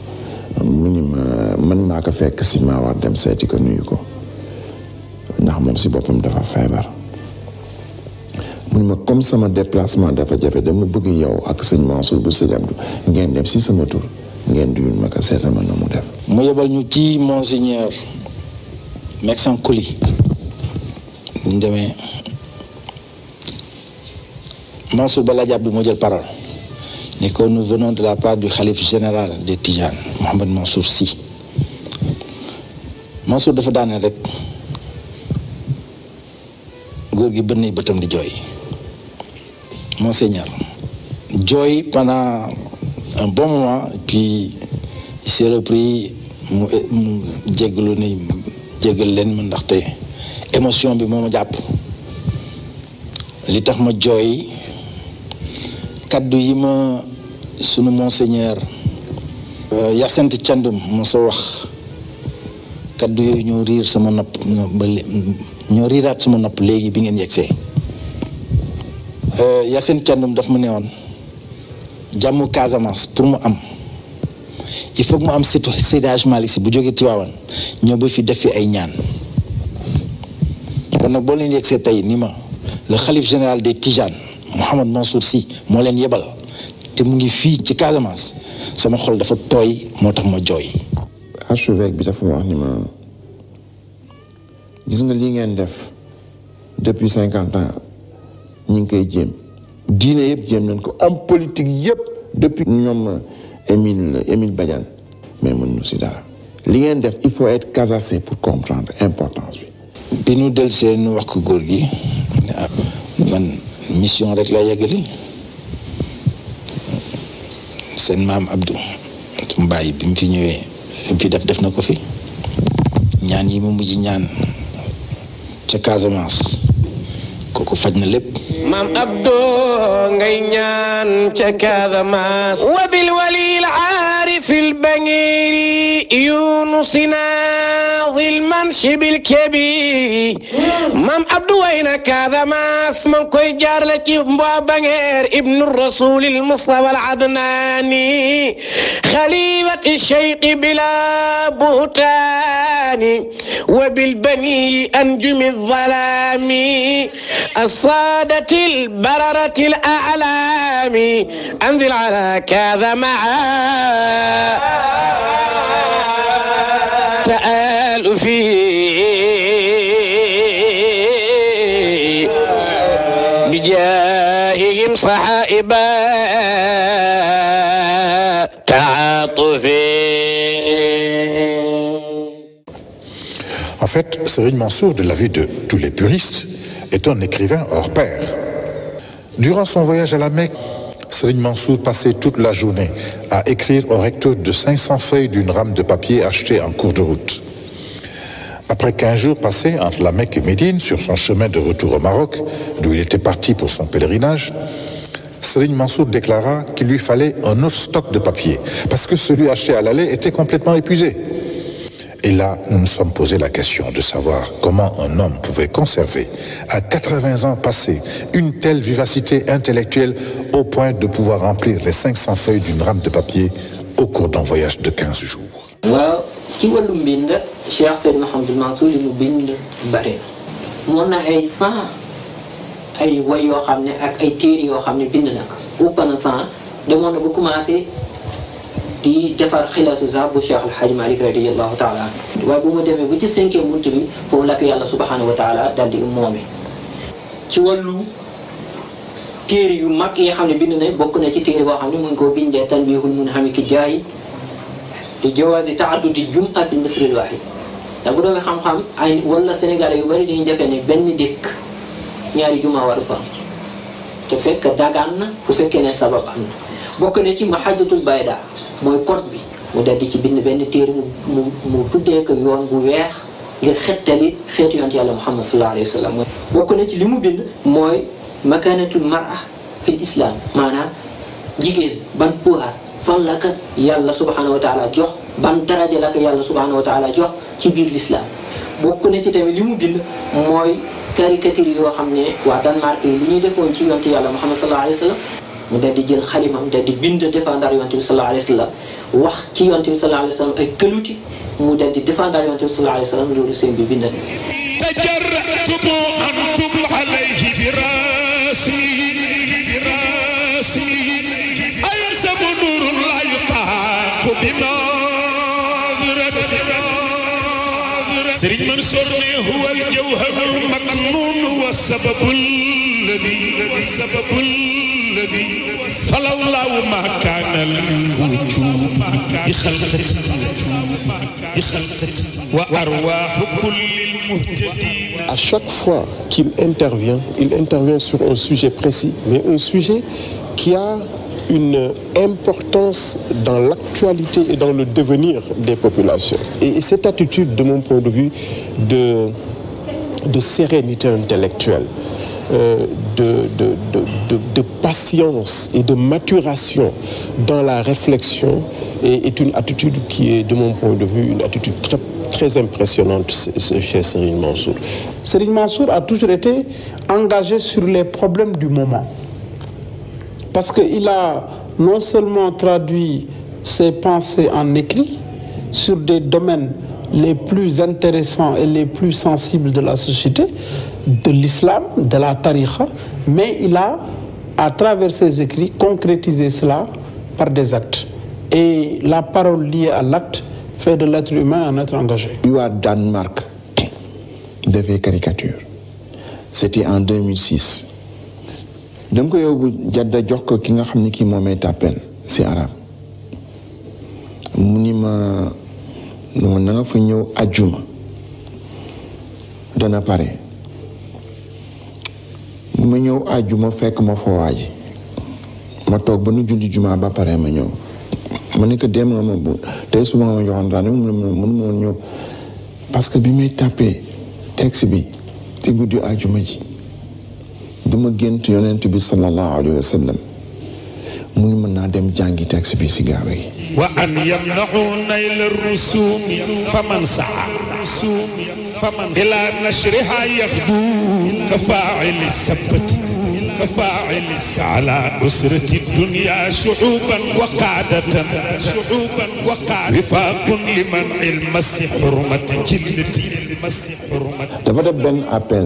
mu ni ma man maa ko fekk si maa war dem seeti ko nuyu ko ndax moom si boppam dafa feebar mu ni comme sama déplacement dafa jafe dama bëgg yow ak sëñ Mansour bu sëñ ngeen dem si sama tur ngeen duyul ma ko seetal na mu def mu yebal ñu ci monseigneur Maxence Je ñu Mansour Bala Diab bi moo parole ne nous venons de la part du Khalife général de Tijane, Mohamed Mansour Sy Mansour dafa daane rek góor gi bënn bëtam Joy. jooy monseigneur Joy, pendant un bon moment puis il s'est repris mu mu jéggalu ne jéggal leen émotion bi moo ma jàpp li tax ma jooy kaddu sunu monseigneur euh, Hyacinthe Thiandoum mo sa wax kaddu yooyu ñoo riir sama nopp ba ñoo riiraat sama nopp léegi bi ngeen yegsee euh, daf ma ne woon Casamance pour mu am il faut mu am sédage Malick Sy bu jógee Tivaouane ñoo fi def fi ay ñaan kon nag boo leen yegg tey ni ma le xalif général des Tijanes Mouhamad Mansour si moo leen yebal te mu ngi fii ci Casamance sama xol dafa tooy moo tax ma jooy. archevêque bi dafa wax ni ma gis nga li ngeen def depuis 50 ans ñu ngi koy jéem diine yëpp jéem nañ ko am politique yëpp depuis ñoom euh, Émile Émile Badiane mais mënuñu si dara li ngeen def il faut être casacé pour comprendre importance bi. bi nu del see nu wax ko góor gi ah, man mission rek laa yeggali seen maam Abdou tum bàyyi bi mu fi ñëwee li mu fi def def na ko fi ñaan yi mu mujj ñaan ca Casamance kooku faj na lépp maam Abdou ngay ñaan ca Casamance wabil walil aarifil bangiri yunusina المنشب الكبير مام عبدو وين كذا ماس من كوي جار لك بانير ابن الرسول المصطفى العدناني خليفة الشيخ بلا بوتاني وبالبني أنجم الظلام الصادة البررة الأعلام أنزل على كذا معاه En fait, Serine Mansour, de la vie de tous les puristes, est un écrivain hors pair. Durant son voyage à la Mecque, Serine Mansour passait toute la journée à écrire au recto de 500 feuilles d'une rame de papier achetée en cours de route. Après 15 jours passés entre la Mecque et Médine, sur son chemin de retour au Maroc, d'où il était parti pour son pèlerinage, Serigne Mansour déclara qu'il lui fallait un autre stock de papier, parce que celui acheté à l'aller était complètement épuisé. Et là, nous nous sommes posé la question de savoir comment un homme pouvait conserver, à 80 ans passés, une telle vivacité intellectuelle au point de pouvoir remplir les 500 feuilles d'une rame de papier au cours d'un voyage de 15 jours. شيخ سيدنا حمد المنصور مو بند برين مونا اي سان اي واي يو خامني اك اي تيري يو خامني بند نك او بان سان دو مونا بو كوماسي دي دفر خلاص زا بو شيخ الحاج مالك رضي الله تعالى و بو مو ديمي بو تي سينكيو مونتي بي فو لاك يالا سبحانه وتعالى دال دي مومي تي والو تيري يو ماك يي خامني بند نك بوك نا تي تيري بو خامني مونكو بند تنبيه المنهمك جاي لجواز تعدد الجمعة في المصر الواحد da bu doomi xam-xam ay wala sénégalais yu bari dañuy defee ne benn dëkk ñaari juma waru fa te fekk dagaan na bu fekkee ne sabab am na bokk ne ci mahajjatul bayda mooy code bi mu daldi ci bind benn téere mu mu tuddee ko yoon bu weex ngir xettali xeetu yonte yàlla muhammad sallallahu alayhi wa sallam bokk na ci li mu bind mooy makanatul mara fi islam maanaam jigéen ban pouvoir fan la ka yàlla subhanahu wa taala jox ban daraja la ka yàlla subhanahu wa taala jox ci biir l'islam bokk na ci tamit li mu bind mooy caricature yoo xam ne waa Danemark yi li ñuy defoon ci yonte yàlla Muhammad sallallahu alayhi wa sallam mu daal di jël xalimam daal di bind défendar yonte bi sallallahu wa wax ci yonte bi sallallahu alayhi wa sallam ay tëluti mu daal di défendar yonte bi sallallahu loolu seen bi bind tajarratubu an tub alayhi bi rasi bi rasi ay sabu nuru la yutaqu À chaque fois qu'il intervient, il intervient sur un sujet précis, mais un sujet qui a une importance dans l'actualité et dans le devenir des populations. Et cette attitude, de mon point de vue, de, de sérénité intellectuelle, euh, de, patience et de maturation dans la réflexion est, une attitude qui est, de mon point de vue, une attitude très, très impressionnante chez Serine Mansour. Serine Mansour a toujours été engagé sur les problèmes du moment. Parce qu'il a non seulement traduit ses pensées en écrit sur des domaines les plus intéressants et les plus sensibles de la société, de l'islam, de la tariqa, mais il a, à travers ses écrits, concrétisé cela par des actes. Et la parole liée à l'acte fait de l'être humain un être engagé. You are Danemark, des caricature. C'était en 2006. da nga ko yóbbu jadda jox ko ki nga xam ne kii moom moomee tàppeel si arab mu ni ma na nga fa ñëw ajjuma dana pare ma ñëw ajjuma fekk ma fowaaji ma toog ba nu julli juma ba pare ma ñëw ma nekk dem nga ma bu tey suba nga ma joxoon daal mu mënu ma ñëw parce que bi may tàppee texte bi te guddi ajjuma ji dama gént yonent bi sallallahu alayhi wa sallam mu ni mën naa dem jàngi taxi bi si gaara yi wa an yamnau nayla rusumi fa man saa ila nashriha yaxdu ka faili sabati ka faili ala usrati dunya shuuban wa qaadatan shuuban wa qaadatan wifaaqun liman ilmasi xurmati jinnati dafa def benn appel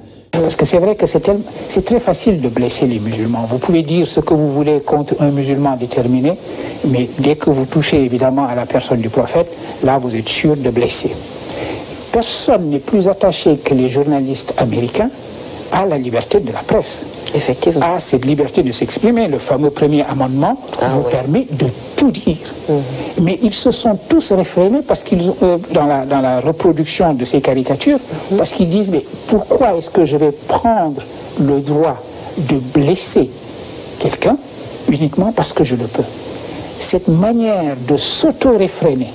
Parce que c'est vrai que c'est, très facile de blesser les musulmans. Vous pouvez dire ce que vous voulez contre un musulman déterminé, mais dès que vous touchez évidemment à la personne du prophète, là vous êtes sûr de blesser. Personne n'est plus attaché que les journalistes américains à la liberté de la presse, Effectivement. à cette liberté de s'exprimer. Le fameux premier amendement ah vous permet de tout dire. Mhm. Mais ils se sont tous réfrénés parce qu'ils euh, dans, la, dans la reproduction de ces caricatures, mhm. parce qu'ils disent mais pourquoi est-ce que je vais prendre le droit de blesser quelqu'un uniquement parce que je le peux Cette manière de s'auto-réfréner,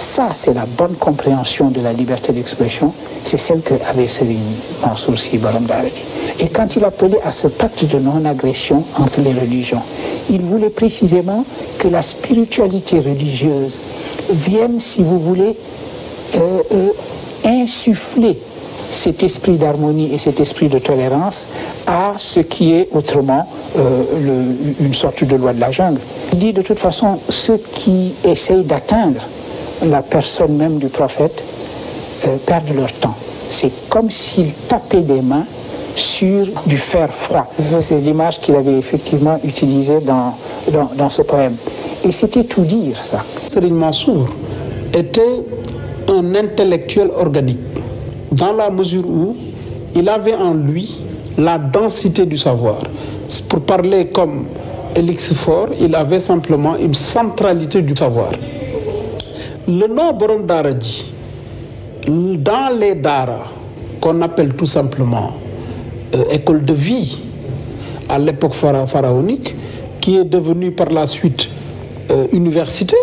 ça, c'est la bonne compréhension de la liberté d'expression. C'est celle qu'avait avait Mansour Barambari. Et quand il appelait à ce pacte de non-agression entre les religions, il voulait précisément que la spiritualité religieuse vienne, si vous voulez, euh, euh, insuffler cet esprit d'harmonie et cet esprit de tolérance à ce qui est autrement euh, une sorte de loi de la jungle. Il dit de toute façon, ceux qui essayent d'atteindre la personne même du prophète garde euh, leur temps. C'est comme s'il tapait des mains sur du fer froid. Mhm. C'est l'image qu'il avait effectivement utilisée dans, ce poème. Et c'était tout dire, ça. Serine Mansour était un intellectuel organique, dans la mesure où il avait en lui la densité du savoir. Pour parler comme Elixir il avait simplement une centralité du savoir. Le nom Borom dans les Dara, qu'on appelle tout simplement euh, école de vie, à l'époque pharaonique, qui est devenue par la suite euh, université,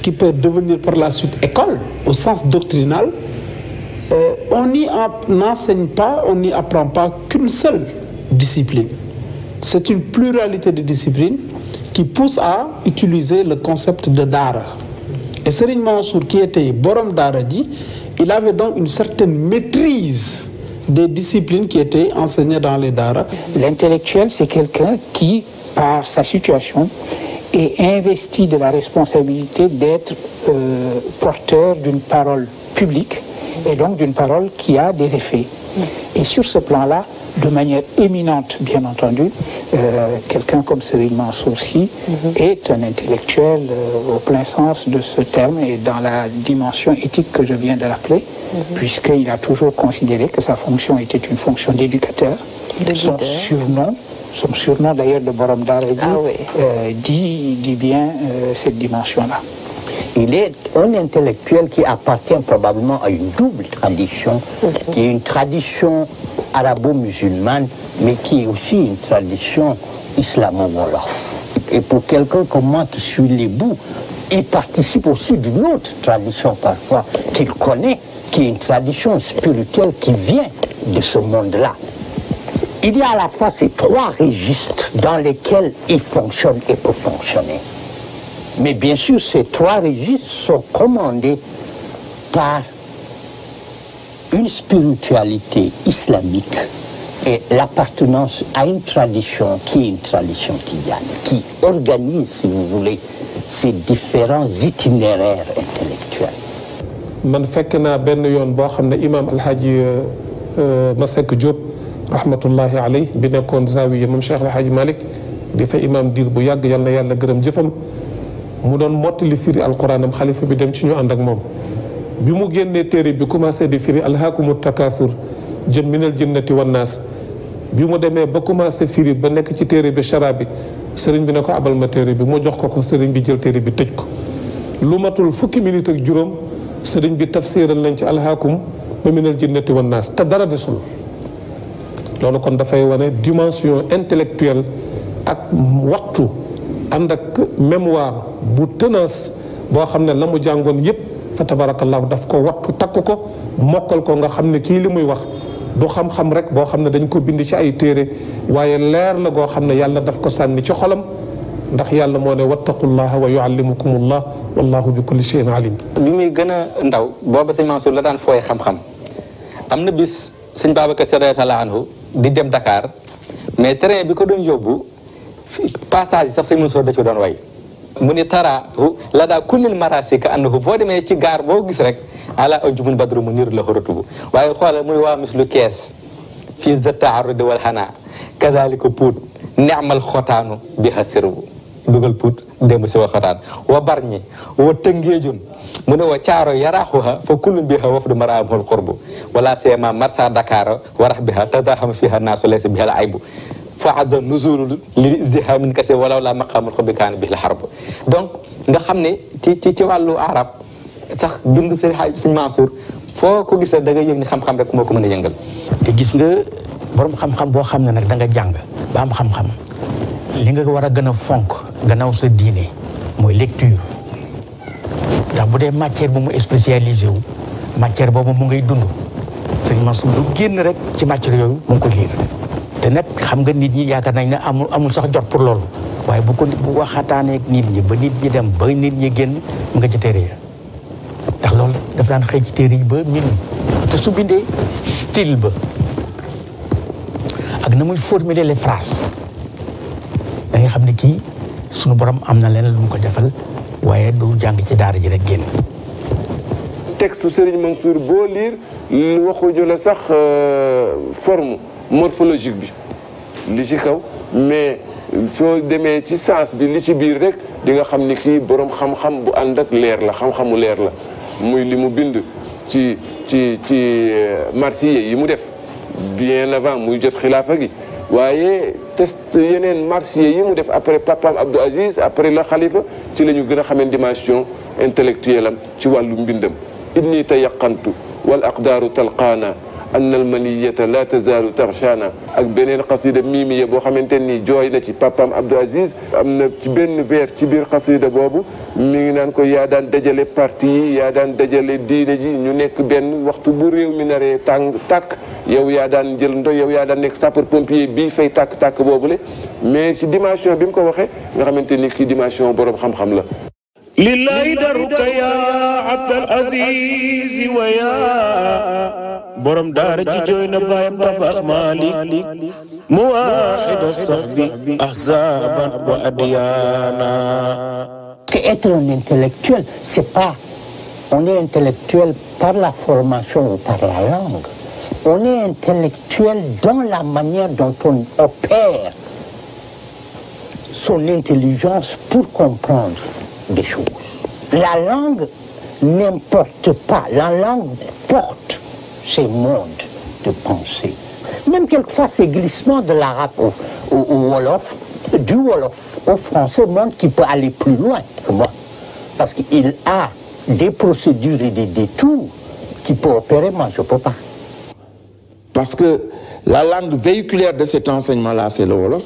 qui peut devenir par la suite école au sens doctrinal, euh, on n'y n'enseigne pas, on n'y apprend pas qu'une seule discipline. C'est une pluralité de disciplines qui pousse à utiliser le concept de dara. Et Serigne Mansour, qui était Borom Daradi, il avait donc une certaine maîtrise des disciplines qui étaient enseignées dans les Dara. L'intellectuel, c'est quelqu'un qui, par sa situation, est investi de la responsabilité d'être euh, porteur d'une parole publique et donc d'une parole qui a des effets. Et sur ce plan-là, de manière éminente, bien entendu. Euh, quelqu'un comme Cyril Mansourci mhm. est un intellectuel euh, au plein sens de ce terme et dans la dimension éthique que je viens de rappeler, mhm. puisqu'il a toujours considéré que sa fonction était une fonction d'éducateur. Son surnom, son surnom d'ailleurs de Borom ah euh, dit, bien cette dimension-là. Il est un intellectuel qui appartient probablement à une double tradition, qui est une tradition arabo-musulmane, mais qui est aussi une tradition islamo-wolof. Et pour quelqu'un comme moi qui les bouts, il participe aussi d'une autre tradition parfois qu'il connaît, qui est une tradition spirituelle qui vient de ce monde-là. Il y a à la fois ces trois registres dans lesquels il fonctionne et peut fonctionner. Mais bien sûr, ces trois registres sont commandés par une spiritualité islamique et l'appartenance à une tradition qui est une tradition tidiane, qui organise, si vous voulez, ces différents itinéraires intellectuels. man fekk naa benn yoon boo xam ne al alxaaji euh, euh, Masek Diop rahmatullahi alayh, bi nekkoon zawiya moom Cheikh hadji Malik, di fa imam diir bu yàgg yal na yàlla gërëm jëfam mu doon mottali firi alquranam xalifa bi dem ci ñu ànd ak moom bi mu génnee téere bi commencé di firi alhaakumu takaasur jëm minal jinnati wannaas bi mu demee ba commencé firi ba nekk ci téere bi chara bi bi ne abal ma téere bi mu jox ko ko sëriñ bi jël téere bi tëj ko lu matul fukki minute ak juróom sëriñ bi tafsiral nañ ci alhaakum ba minal jinnati wannaas te dara desul loolu kon dafay wane dimension intellectuelle ak waxtu ànd ak mémoire bu tenace boo xam ne na mu jàngoon yépp fa tabarakallahu daf ko wattu takk ko mokkal ko nga xam ne kii li muy wax du xam-xam rek boo xam ne dañ ko bind ci ay téere waaye leer la goo xam ne yàlla daf ko sànni ci xolam ndax yàlla moo ne wattaqullaha wa yuallimukumullah wallahu bi kulli shay'in alim bi muy gën a ndaw booba sëñ Mansour la daan fooye xam-xam am na bis sëñ Babacar Sy radiyallahu anhu di dem Dakar mais train bi ko doon yóbbu passage yi sax sëñ Mansour da ci doon way mu ni tara la daa kullil marasi ka annahu boo demee ci gaar boo gis rek ala ajubun badru mu niru la xoratubu waaye xoolal mu ne waa mislu kees fii za taarudi wal xanaa kadalika puut neamal xotaanu bi xa sirbu dugal puut démb si wa xotaan wa barñi wa tëngeejun mu ne wa caaro yaraaxuha fa kullum biha wafdu maraamul xurbu wala seema marsa dakara warax biha tadaxama fiha naasu laysa biha la aybu faaza nuzulu li izdihamin kase walaw laa maqaamul xobi kaana bi la xarb donc nga xam ne ci ci ci wàllu arab sax bind sëriñ xaaj sëñ foo ko gis da nga ni xam-xam moo ko mën a yëngal. te gis nga borom xam boo xam ne nag da jàng ba am xam-xam li nga war a gën a fonk gannaaw sa diine mooy lecture ndax bu dee matière bu mu spécialisé wu matière boobu mu ngay dund sëñ Mansour du génn rek ci matière yooyu mu ko lire. te nag xam nga nit ñi yaakaar nañ ne amul amul sax jot pour loolu waaye bu ko bu waxataanee ak nit ñi ba nit ñi dem ba nit ñi génn nga ci téere ya ndax loolu daf daan xëy ci téere yi ba min te su bindee style ba ak na formuler les phrases da nga xam ne kii sunu borom am leneen lu ko defal waaye du jàng ci daara ji rek génn texte Serigne Mansour boo lire waxuñu la sax euh, forme morphologique bi li ci kaw mais so démé ci sens bi li ci bir rek di nga xamni ki borom xam-xam bu ànd ak leer la xam-xamu lèr la muy limu bind ci ci ci marsiye yi mu def bien avant muy jot khilafa gi waye test yenen marsiye yi mu def après papa Abdou Aziz après la khalifa ci lañu gëna xamé dimension intellectuelle am ci walu mbindam inni tayaqantu wal aqdaaru talqaana ان المنيه لا تزال تغشانا اك بنين قصيده ميميه بو خامتيني جوينا سي بابام عبد العزيز امنا سي بن فير تي بير قصيده بوبو مي نانكو يا دان دجالي بارتي يا دان دجالي دينجي ني نيك بن وقتو بو ريو مي ناري تانغ تاك ياو يا دان ياو يا نيك سابور بومبيي بي في تاك تاك بوبو لي مي سي ديماسيون بيم كو وخه غا خامتيني كي ديماسيون بوروب خام خام لا لله دارك يا عبد العزيز ويا Malik être un intellectuel c'est pas on est intellectuel par la formation ou par la langue on est intellectuel dans la manière dont on opère son intelligence pour comprendre des choses. La langue n'importe pas, la langue porte ces mondes de pensée. Même quelquefois ces glissements de l'arabe au, Wolof, du Wolof au français, montrent qu'il peut aller plus loin que moi. Parce qu'il a des procédures et des détours qui peut opérer, moi je ne peux pas. Parce que la langue véhiculaire de cet enseignement-là, c'est le Wolof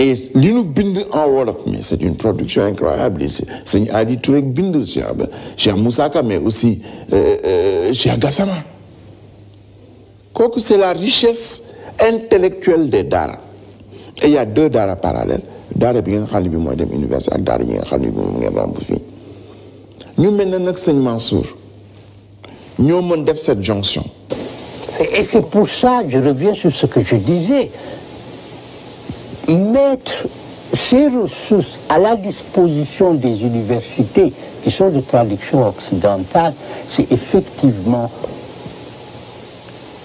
et li nu bind en wolof mais c'est une production incroyable C'est Adi Touré bind ah ben, Cheikh Moussa Ka mais aussi euh, euh, chez Gassama Quoique c'est la richesse intellectuelle des daara et il y a deux daara parallèles Dara bi nga xam ne dem université ak daara nga xam ne Nous menons notre ñu Mansour cette jonction et c'est pour ça je reviens sur ce que je disais mettre ces ressources à la disposition des universités qui sont de traduction occidentale, c'est effectivement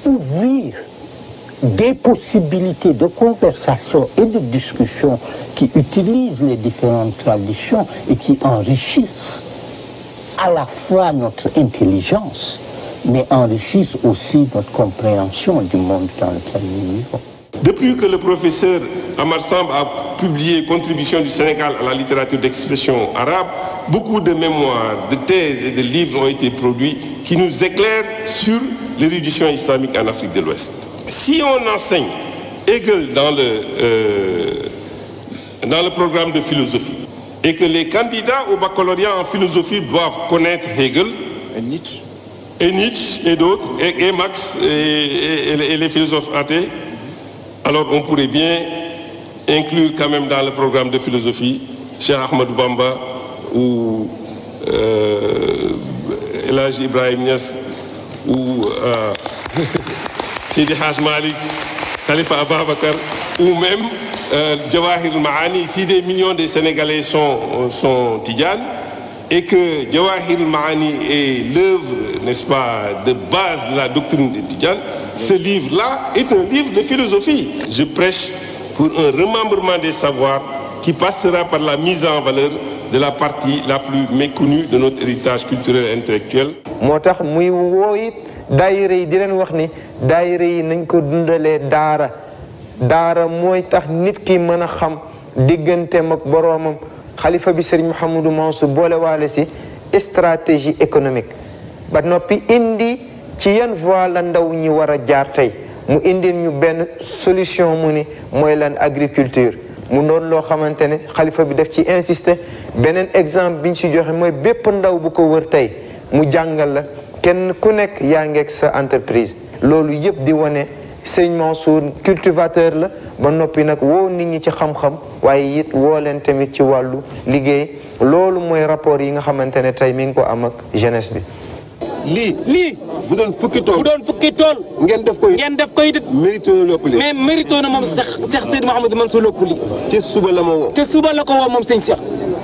ouvrir des possibilités de conversation et de discussion qui utilisent les différentes traditions et qui enrichissent à la fois notre intelligence, mais enrichissent aussi notre compréhension du monde dans lequel nous vivons. Depuis que le professeur Amarsamb a publié Contribution du Sénégal à la littérature d'expression arabe, beaucoup de mémoires, de thèses et de livres ont été produits qui nous éclairent sur l'érudition islamique en Afrique de l'Ouest. Si on enseigne Hegel dans le, euh, dans le programme de philosophie et que les candidats au baccalauréat en philosophie doivent connaître Hegel et Nietzsche et, d'autres, et, Max et les philosophes athées, alors on pourrait bien inclure quand même dans le programme de philosophie Cheikh Ahmed Bamba ou euh, Ibrahim Nias, ou euh, Sidi <laughs> Haj Malik, Khalifa Ababakar ou même euh, Jawahir Mahani. Si des millions de Sénégalais sont, sont et que Jawahir Mahani est l'œuvre, n'est-ce pas, de base de la doctrine de ce livre-là est un livre de philosophie. Je prêche pour un remembrement des savoirs qui passera par la mise en valeur de la partie la plus méconnue de notre héritage culturel et intellectuel. xalifa bi sëriñ Mouhamadou Mansour boole waale si stratégie économique ba noppi indi ci yan voie la ndaw ñi war a jaar tey mu indi ñu benn solution mu ni mooy lan agriculture mu doon loo xamante ne xalifa bi def ci insister beneen exemple bi ñu si joxe mooy bépp ndaw bu ko wër tey mu jàngal la kenn ku nekk yaa ngeeg sa entreprise loolu yëpp di wane sëñ Mansour cultivateur la ba noppi nag woo nit ñi ci xam-xam waaye it woo leen tamit ci wàllu liggéey loolu mooy rapport yi nga xamante ne tey mi ngi ko am ak jeunesse bi. lii lii. bu doon fukki tool bu fukki tool. ngeen def ko ngeen def ko it. mérito na lépp lii mais mérito na moom Cheikh Cheikh Seydou Mouhamadou Mansour lépp te suba la ma woo. te suba la ko woo moom sëñ Cheikh.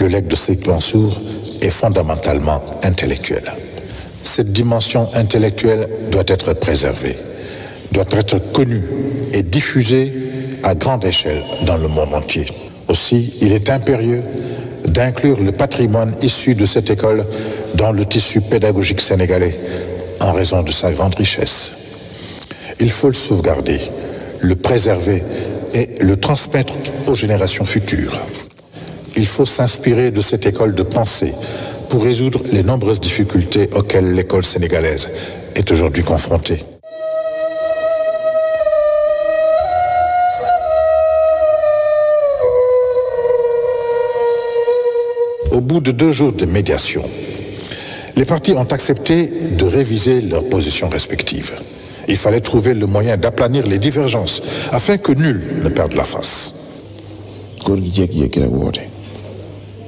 le legs de Sheikh Mansour est fondamentalement intellectuel. Cette dimension intellectuelle doit être préservée, doit être connue et diffusée à grande échelle dans le monde entier. Aussi, il est impérieux d'inclure le patrimoine issu de cette école dans le tissu pédagogique sénégalais en raison de sa grande richesse. Il faut le sauvegarder, le préserver et le transmettre aux générations futures. Il faut s'inspirer de cette école de pensée pour résoudre les nombreuses difficultés auxquelles l'école sénégalaise est aujourd'hui confrontée. Au bout de deux jours de médiation, les partis ont accepté de réviser leurs positions respectives. Il fallait trouver le moyen d'aplanir les divergences afin que nul ne perde la face.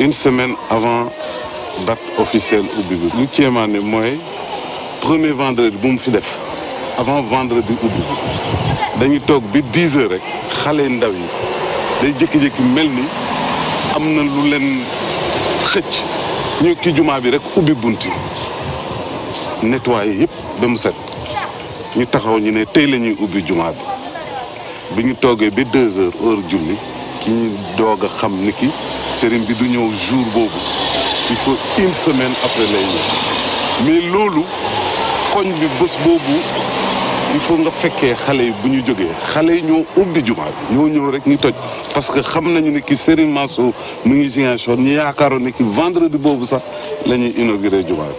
une semaine avant date officielle ubbi bi lu kéemaane mooy premier vendredi bu mu fi def avant vendredi ubbi bi dañuy toog bi 10 heures rek xale ndaw yi day jékki-jékki mel ni am na lu leen xëcc ñu ki jumaa bi rek ubbi bunti yi yëpp ba mu set ñu taxaw ñu ne tey lañuy ubbi jumaa bi bi ñu toogee bi deux heures heure julli ki ñu doog a xam ni ki sëriñ bi du ñëw jour boobu il faut une semaine après lay ñëw mais loolu koñ bi bés boobu il faut nga fekkee xale yi bu ñu jógee xale yi ñoo ubbi jumaa bi ñoo ñëw rek ñu toj parce que xam nañu ne ki Serigne Mansour mu ngi Ziguinchor ñu yaakaaroon ne ki vendredi boobu sax la ñuy inauguré jumaa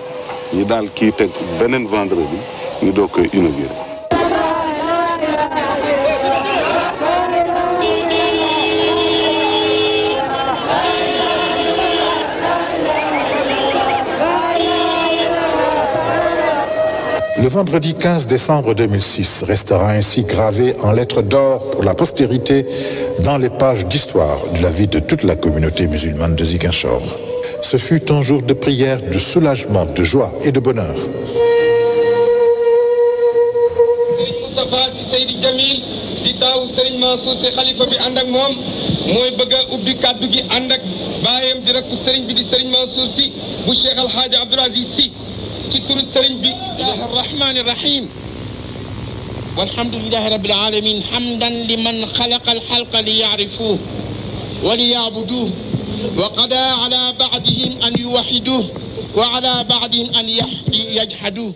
bi ñu daal kii teg beneen vendredi ñu doog koy inauguré Le vendredi 15 décembre 2006 restera ainsi gravé en lettres d'or pour la postérité dans les pages d'histoire de la vie de toute la communauté musulmane de Ziguinchor. Ce fut un jour de prière, de soulagement, de joie et de bonheur. تدر السرين بي الله الرحمن الرحيم والحمد لله رب العالمين حمدا لمن خلق الحلق ليعرفوه وليعبدوه وقضى على بعضهم أن يوحدوه وعلى بعضهم أن يجحدوه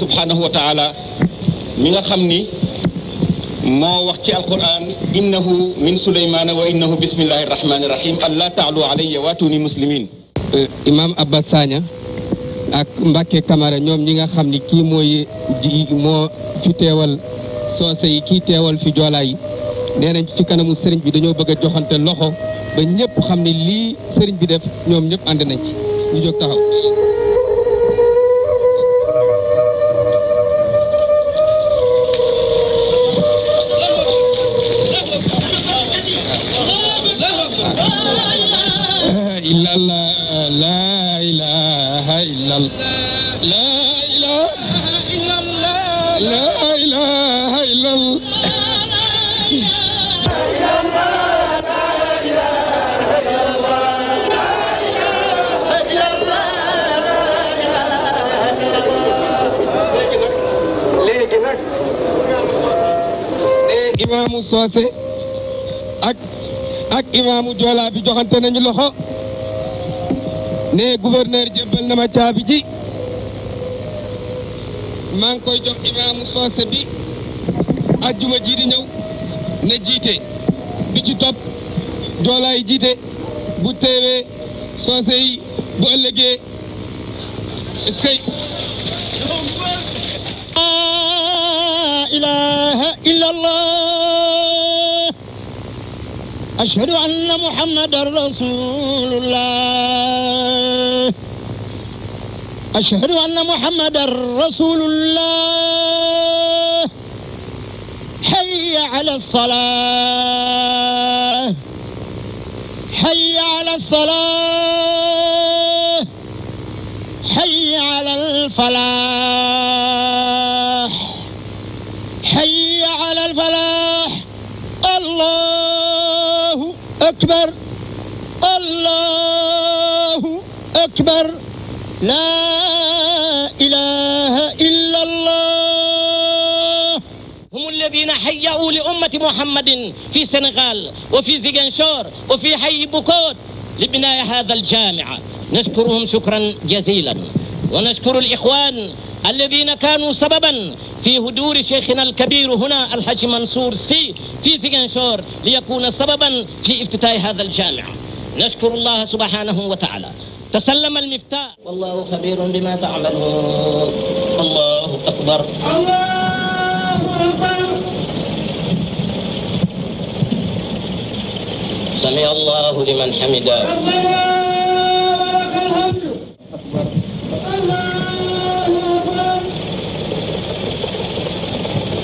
سبحانه وتعالى من خمني ما وقت القرآن إنه من سليمان وإنه بسم الله الرحمن الرحيم ألا تعلوا علي واتوني مسلمين Eh, imam Abbas Sagna ak Mbacke Camara ñoom ñi nga xam ni kii mooy moo fi teewal soose yi kii teewal fi joolaa yi nee nañ ci kanamu sëriñ bi dañoo bëgg a joxante loxo ba ñëpp xam ne sëriñ bi def ñoom ñëpp ànd nañ ci ñu jóg taxaw eh, illallah لا إله إلا الله لا إله إلا الله لا إله إلا الله لا إله إلا الله imam suwase ak ak imam jola bi joxante nañu loxo ne gouverneur jébbal na ma caabi ngi koy jox imaamu soose bi ajjuma ji ñëw na jiite bi ci topp joolaay jiite bu teewee soose yi bu ëllëgee eskay la ilaha illallah أشهد أن محمد رسول الله أشهد أن محمد رسول الله حي على الصلاة حي على الصلاة حي على الفلاح حي على الفلاح أكبر الله أكبر لا إله إلا الله هم الذين حيوا لأمة محمد في سنغال وفي زيغنشور وفي حي بوكوت لبناء هذا الجامع نشكرهم شكرا جزيلا ونشكر الإخوان الذين كانوا سببا في هدور شيخنا الكبير هنا الحاج منصور سي في سيغنشور ليكون سببا في افتتاح هذا الجامع نشكر الله سبحانه وتعالى تسلم المفتاح والله خبير بما تعملون الله أكبر الله أكبر سمع الله لمن حمده الله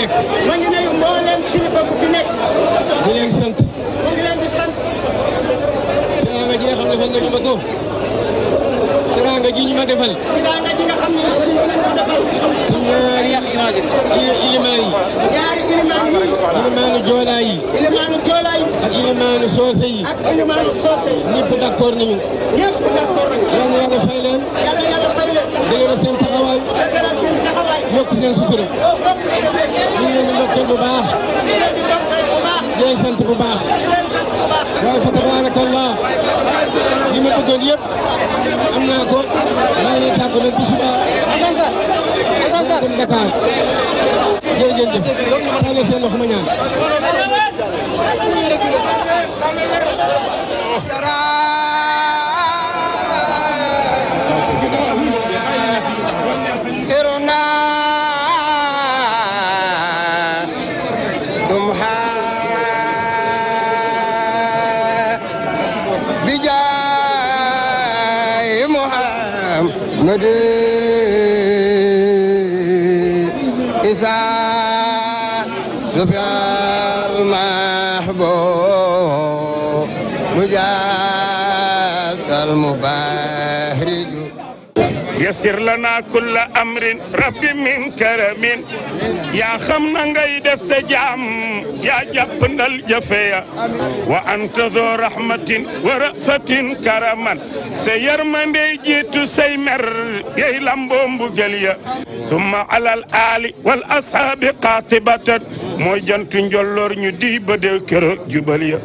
nekk. ma ngi nuyu mbooleem kilifa bu fi nekk. di leen sant. mu ngi leen di sant. teraanga ji nga xam ne fan nga ñu ma ko. teraanga ji ñu ma defal. teraanga ji nga xam ne fan nga ñu ma defal. suñu ilimaan yi. ñaari ilimaan yi. ilimaanu joolaa yi. ilimaanu joolaa yi. ak ilimaanu soose yi. ak ilimaanu soose yi. ñëpp d'accord nañu. ñëpp d'accord nañu. yàlla yàlla fay leen. dëgëral seen taxawaay yokk seen sutura ñu ngi leen di ndokkeel bu baax di leen sant bu baax waaye fa tabaarakallah li ma bëggoon yëpp am naa ko maa ngi leen tàggu nag bu subaa dem Dakar jërëjëf xale seen loxo ma ñaan Good Ready. يسر لنا كل أمر ربي من كرم يا خمنا غي دف سجام يا جبنا الجفيا وأنت ذو رحمة ورأفة كرما سيرمن دي جيتو سيمر يا لامبو جليا ثم على الآل والأصحاب قاطبة موجنت جلور ندي بدل كر جبلية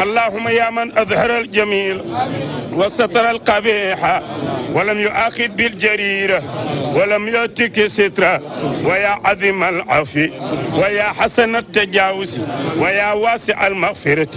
اللهم يا من أظهر الجميل وستر القبيح ولم يؤاخذ بالجريرة ولم يؤتك سترة ويا عظيم العفي ويا حسن التجاوز ويا واسع المغفرة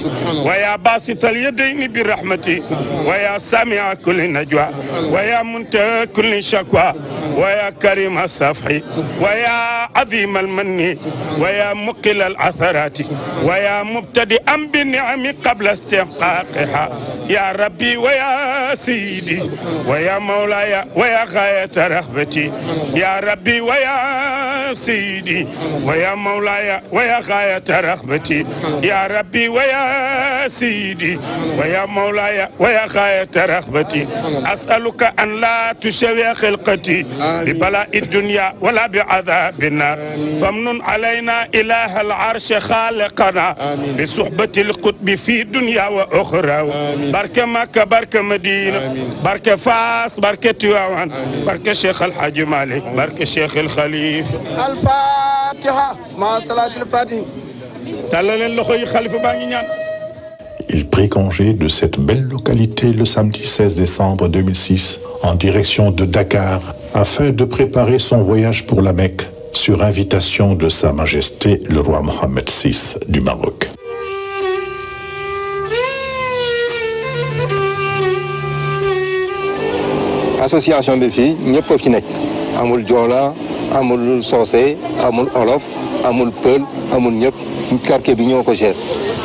ويا باسط اليدين بالرحمة ويا سامع كل نجوى ويا منتهى كل شكوى ويا كريم السلام النفع ويا عظيم المن ويا مقل الاثرات ويا مبتدئا بالنعم قبل استحقاقها يا ربي ويا سيدي ويا مولاي ويا غاية رغبتي يا ربي ويا سيدي ويا مولاي ويا غاية رغبتي يا ربي ويا سيدي ويا مولاي ويا غاية رغبتي أسألك أن لا تشوي خلقتي ببلاء الدنيا ولا بعذابنا فمن علينا إله العرش خالقنا بصحبة القطب في دنيا وأخرى بارك مكة بارك مدينة بارك فاس بارك تيوان بارك شيخ الحاج مالك بارك شيخ الخليفة الفاتحة مع صلاة الفاتحة تلالين لخوي خليفة باغي il prit congé de cette belle localité le samedi 16 décembre 2006 en direction de Dakar afin de préparer son voyage pour la Mecque sur invitation de Sa Majesté le roi Mohamed VI du Maroc. association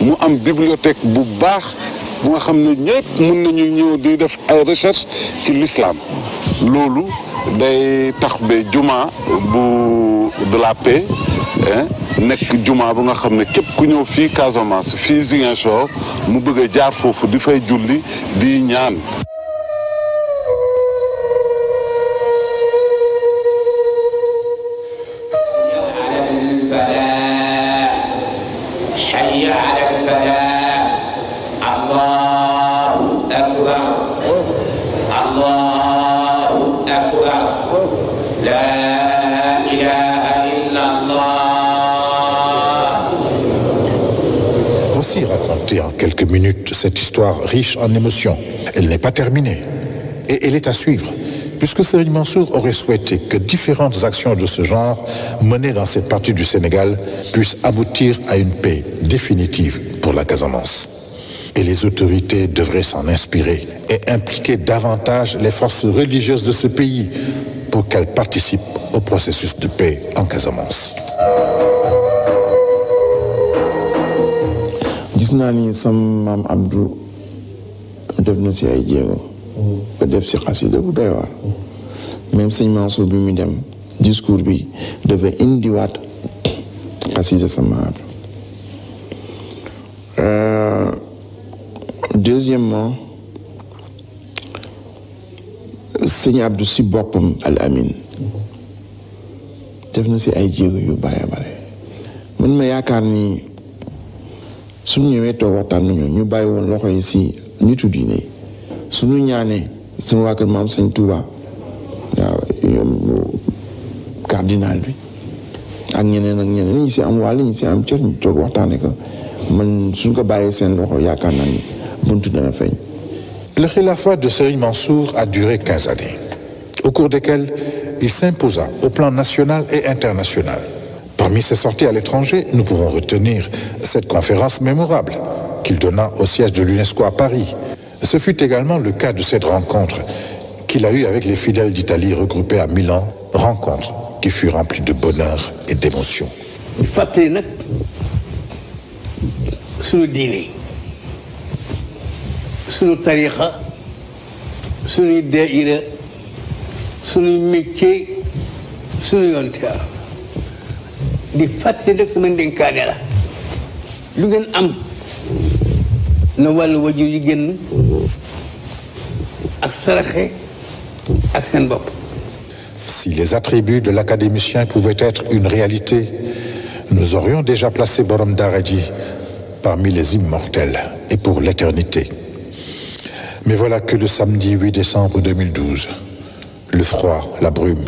mu am bibliothèque bu baax bu nga xam ne ñëpp mun nañu ñëw di def ay recherche ci l'islam loolu day tax ba juma bu de la paix nekk juma bu nga xam ne képp ku ñëw fii Casamance fi Ziguinchor mu bëgg jaar foofu di fay julli di ñaan en quelques minutes cette histoire riche en émotions. Elle n'est pas terminée et elle est à suivre, puisque Serigne Mansour aurait souhaité que différentes actions de ce genre menées dans cette partie du Sénégal puissent aboutir à une paix définitive pour la Casamance. Et les autorités devraient s'en inspirer et impliquer davantage les forces religieuses de ce pays pour qu'elles participent au processus de paix en Casamance. gis naa ni sama maam Abdou def na si ay jéego. ba def si xasida bu doy waar. même sëñ Mansour bi mu dem discours bi dafa indiwaat xasida sama Abdou. deuxièmement sëñ Abdou si boppam al amin def na si ay jéego yu bare bare man ma yaakaar ni. suñ ñëwee toog waxtaan nañu ñu bàyyi woon loxo yi si nitu diine suñu ñaanee sama waa kër maam sëñ Touba waaw ñoom cardinal bi ak ah, ñeneen ak ñeneen ñi si am wàll ñi si am cër ñu toog waxtaanee ko man suñ ko bàyyee seen loxo yaakaar naa ni bunt dana feeñ. Le khilafat de Serigne Mansour a duré 15 années, au cours desquelles il s'imposa au plan national et international. Parmi ses sorties à l'étranger, nous pouvons retenir cette conférence mémorable qu'il donna au siège de l'UNESCO à Paris. Ce fut également le cas de cette rencontre qu'il a eue avec les fidèles d'Italie regroupés à Milan, rencontre qui fut remplie de bonheur et d'émotion. Si les attributs de l'académicien pouvaient être une réalité, nous aurions déjà placé Borom Daredi parmi les immortels et pour l'éternité. Mais voilà que le samedi 8 décembre 2012, le froid, la brume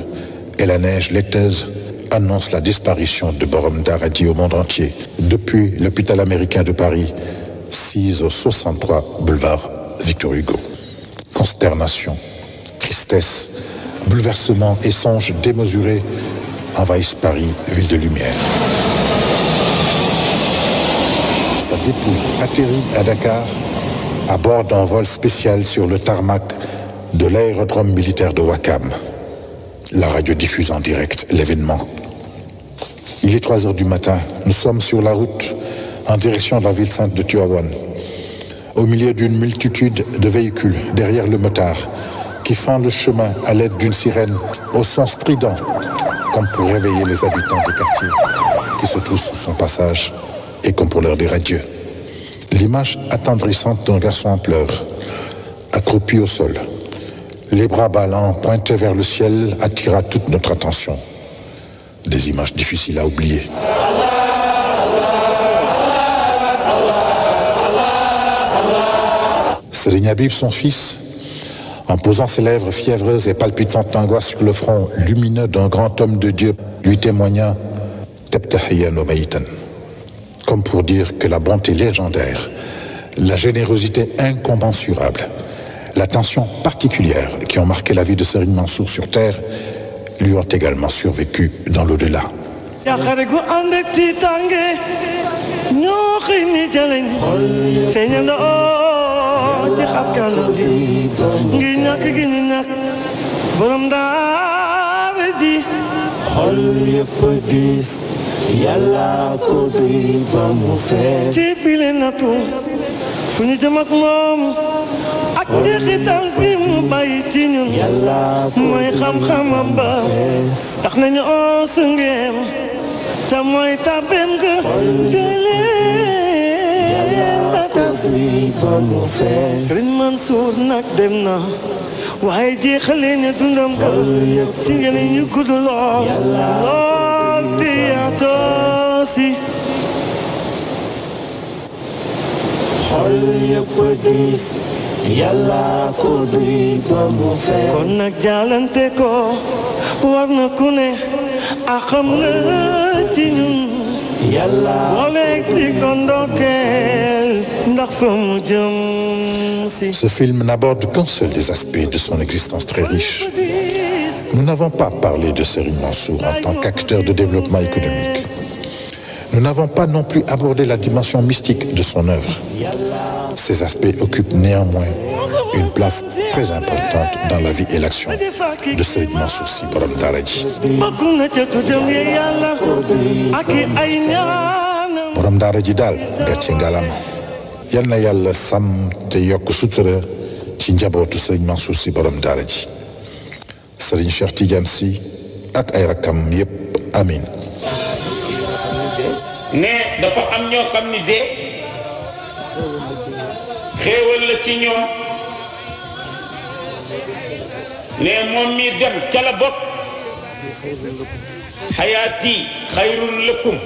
et la neige laiteuse annonce la disparition de Borom Daradi au monde entier. Depuis l'hôpital américain de Paris, 6 au 63 boulevard Victor Hugo. Consternation, tristesse, bouleversement et songes démesurés envahissent Paris, ville de lumière. Sa dépouille atterrit à Dakar à bord d'un vol spécial sur le tarmac de l'aérodrome militaire de Wakam. La radio diffuse en direct l'événement. Il est 3 heures du matin. Nous sommes sur la route en direction de la ville sainte de Tuawan, au milieu d'une multitude de véhicules, derrière le motard, qui fend le chemin à l'aide d'une sirène au sens strident, comme pour réveiller les habitants des quartiers qui se trouvent sous son passage et comme pour leur dire adieu. L'image attendrissante d'un garçon en pleurs, accroupi au sol, les bras ballants pointés vers le ciel, attira toute notre attention des images difficiles à oublier. Serigne son fils, en posant ses lèvres fiévreuses et palpitantes d'angoisse sur le front lumineux d'un grand homme de Dieu, lui témoigna comme pour dire que la bonté légendaire, la générosité incommensurable, l'attention particulière qui ont marqué la vie de Serine Mansour sur terre lui ont également survécu dans l'au-delà. njeexital bi mu bàyyi ci ñun mooy xam-xamam ba tax nañu oosu ngeen te mooy tàbbeem ga jëleen ba tas Sëriñ Mansuur nag dem na waaye jeexale ne dundam ko ci njëriñ ñu gudd lool lool te yaatoo si xol ce film n'aborde qu'un seul des aspects de son existence très riche nous n'avons pas parlé de Serigne Mansour en tant qu'acteur de développement économique nous n'avons pas non plus abordé la dimension mystique de son œuvre ces aspects occupent néanmoins une place très importante dans la vie et l'action de Saïd Mansour Si Borom Daraji. Borom Daraji Dal gàcce ngalama yalla sam te yok sutura ci njabootu Sëriñ Mansour Si Borom Daraji Sëriñ Cheikh Tidiane Si ak ay rakam yep, amin ne dafa am ñoo ni de xéewal la ci ñoom ne moom mi dem ca la bopp xayaati xayrun lakum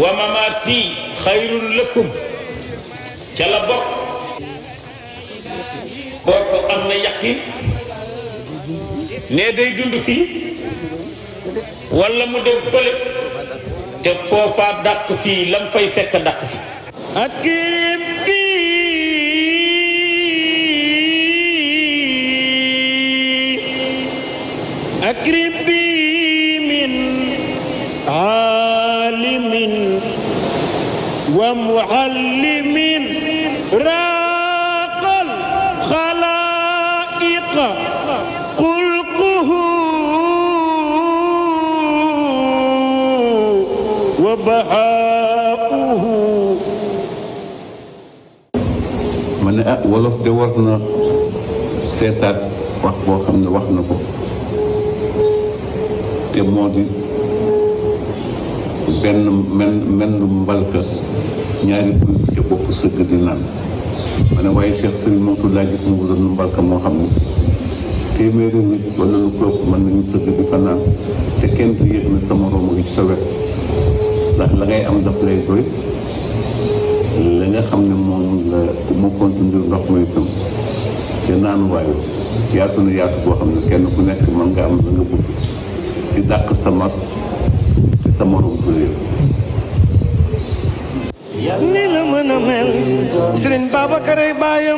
wa mamaati xayrun lakum ca la bopp kooku am na yaqin ne day jund fii wala mu dem fële te foofa dàq fii lam fay fekk dàq fi akrim bi akrim bi min aalimin wa muallimin ra wolof de war na seetaat wax boo xam ne wax na ko te moo di benn men menn mbalka ñaari kuy bu ca bokk sëgg di naan ma ne waaye Cheikh Serigne Mansour laa gis mu ko doon mbalka moo xam ne téeméeri nit wala lu ko ëpp mën nañu sëgg di fa naan te kenn du yëg na sama moroom ngi ci sa wet ndax la ngay am daf lay doy la nga xam ne moom la moo continuer ndox ma itam ca naan waayu yaatu na yaatu boo xam ne kenn ku nekk mën nga am la nga bëgg ci dàq ni la mën a mel Babacar ay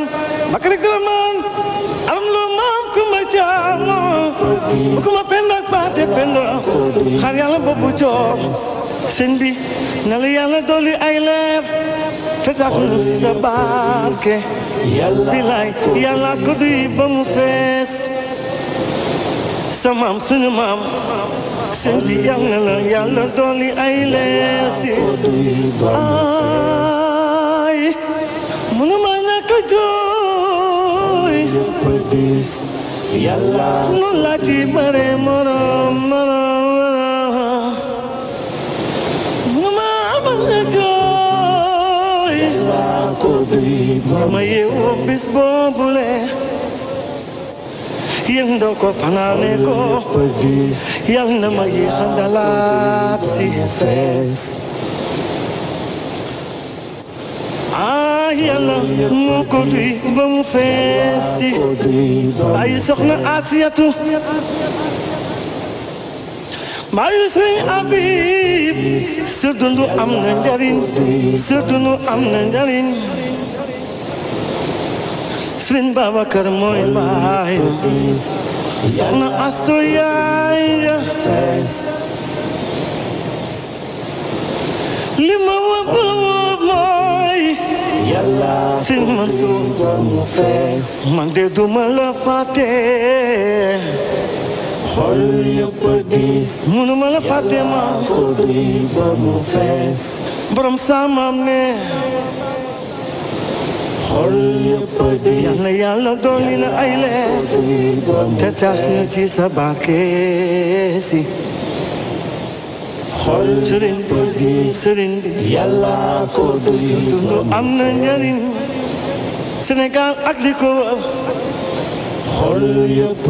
am lu maam ku ma jaamo ku ma penda ak baate penda xar yàlla bopp sëñ bi na la yàlla dolli ay leer te tax nu si sa barke bilaay yàlla ko duy ba mu fees sa maam suñu maam sëñ bi na la yàlla dolli ay leesi ay mënu ma ñàkk a jooy noonu laa ci bare morom morom ko bëy moo ma yeewoo bis boobule yendoo ko fanaane ko yal na ma yéexa dalaat si fees aa ah, yàlla moo ko duy ba mu fees si ay soxna asiyatu maa ngi sëriñ Habib am na njariñ sa am na njariñ bawa Babacar mooy baay soxna Astu yaay ya li ma wax mooy sëriñ Mansuur man de duma xol yëpp diis munu ma la fàtte ma ko ba mu fees borom saamam ne xol yëpp diis yàlla yàlla dolli na ay te taas ñu ci sa barke si xol sëriñ bi diis sëriñ am na njariñ Sénégal ak li ko wër xol yëpp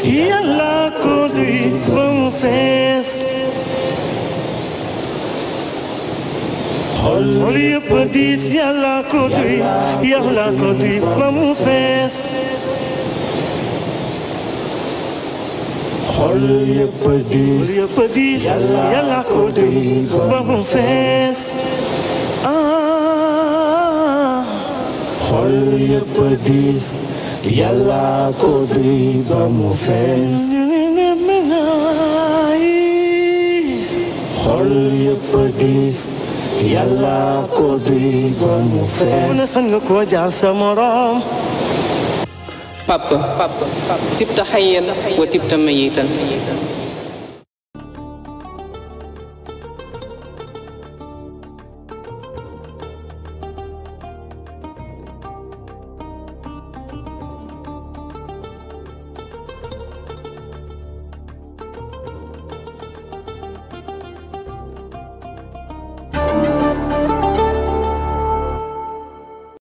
yàlla ko duy ba mu fees xol yëpp diis yàlla ko duy yàlla ba mu fees xol yëpp diis yàlla ko duy ba mu fees ah. xol yëpp diis يلا قضي بمفاس خلي يقديس يلا قضي بمفاس سنك وجعل سمرام بابا تبت حيا وتبت ميتا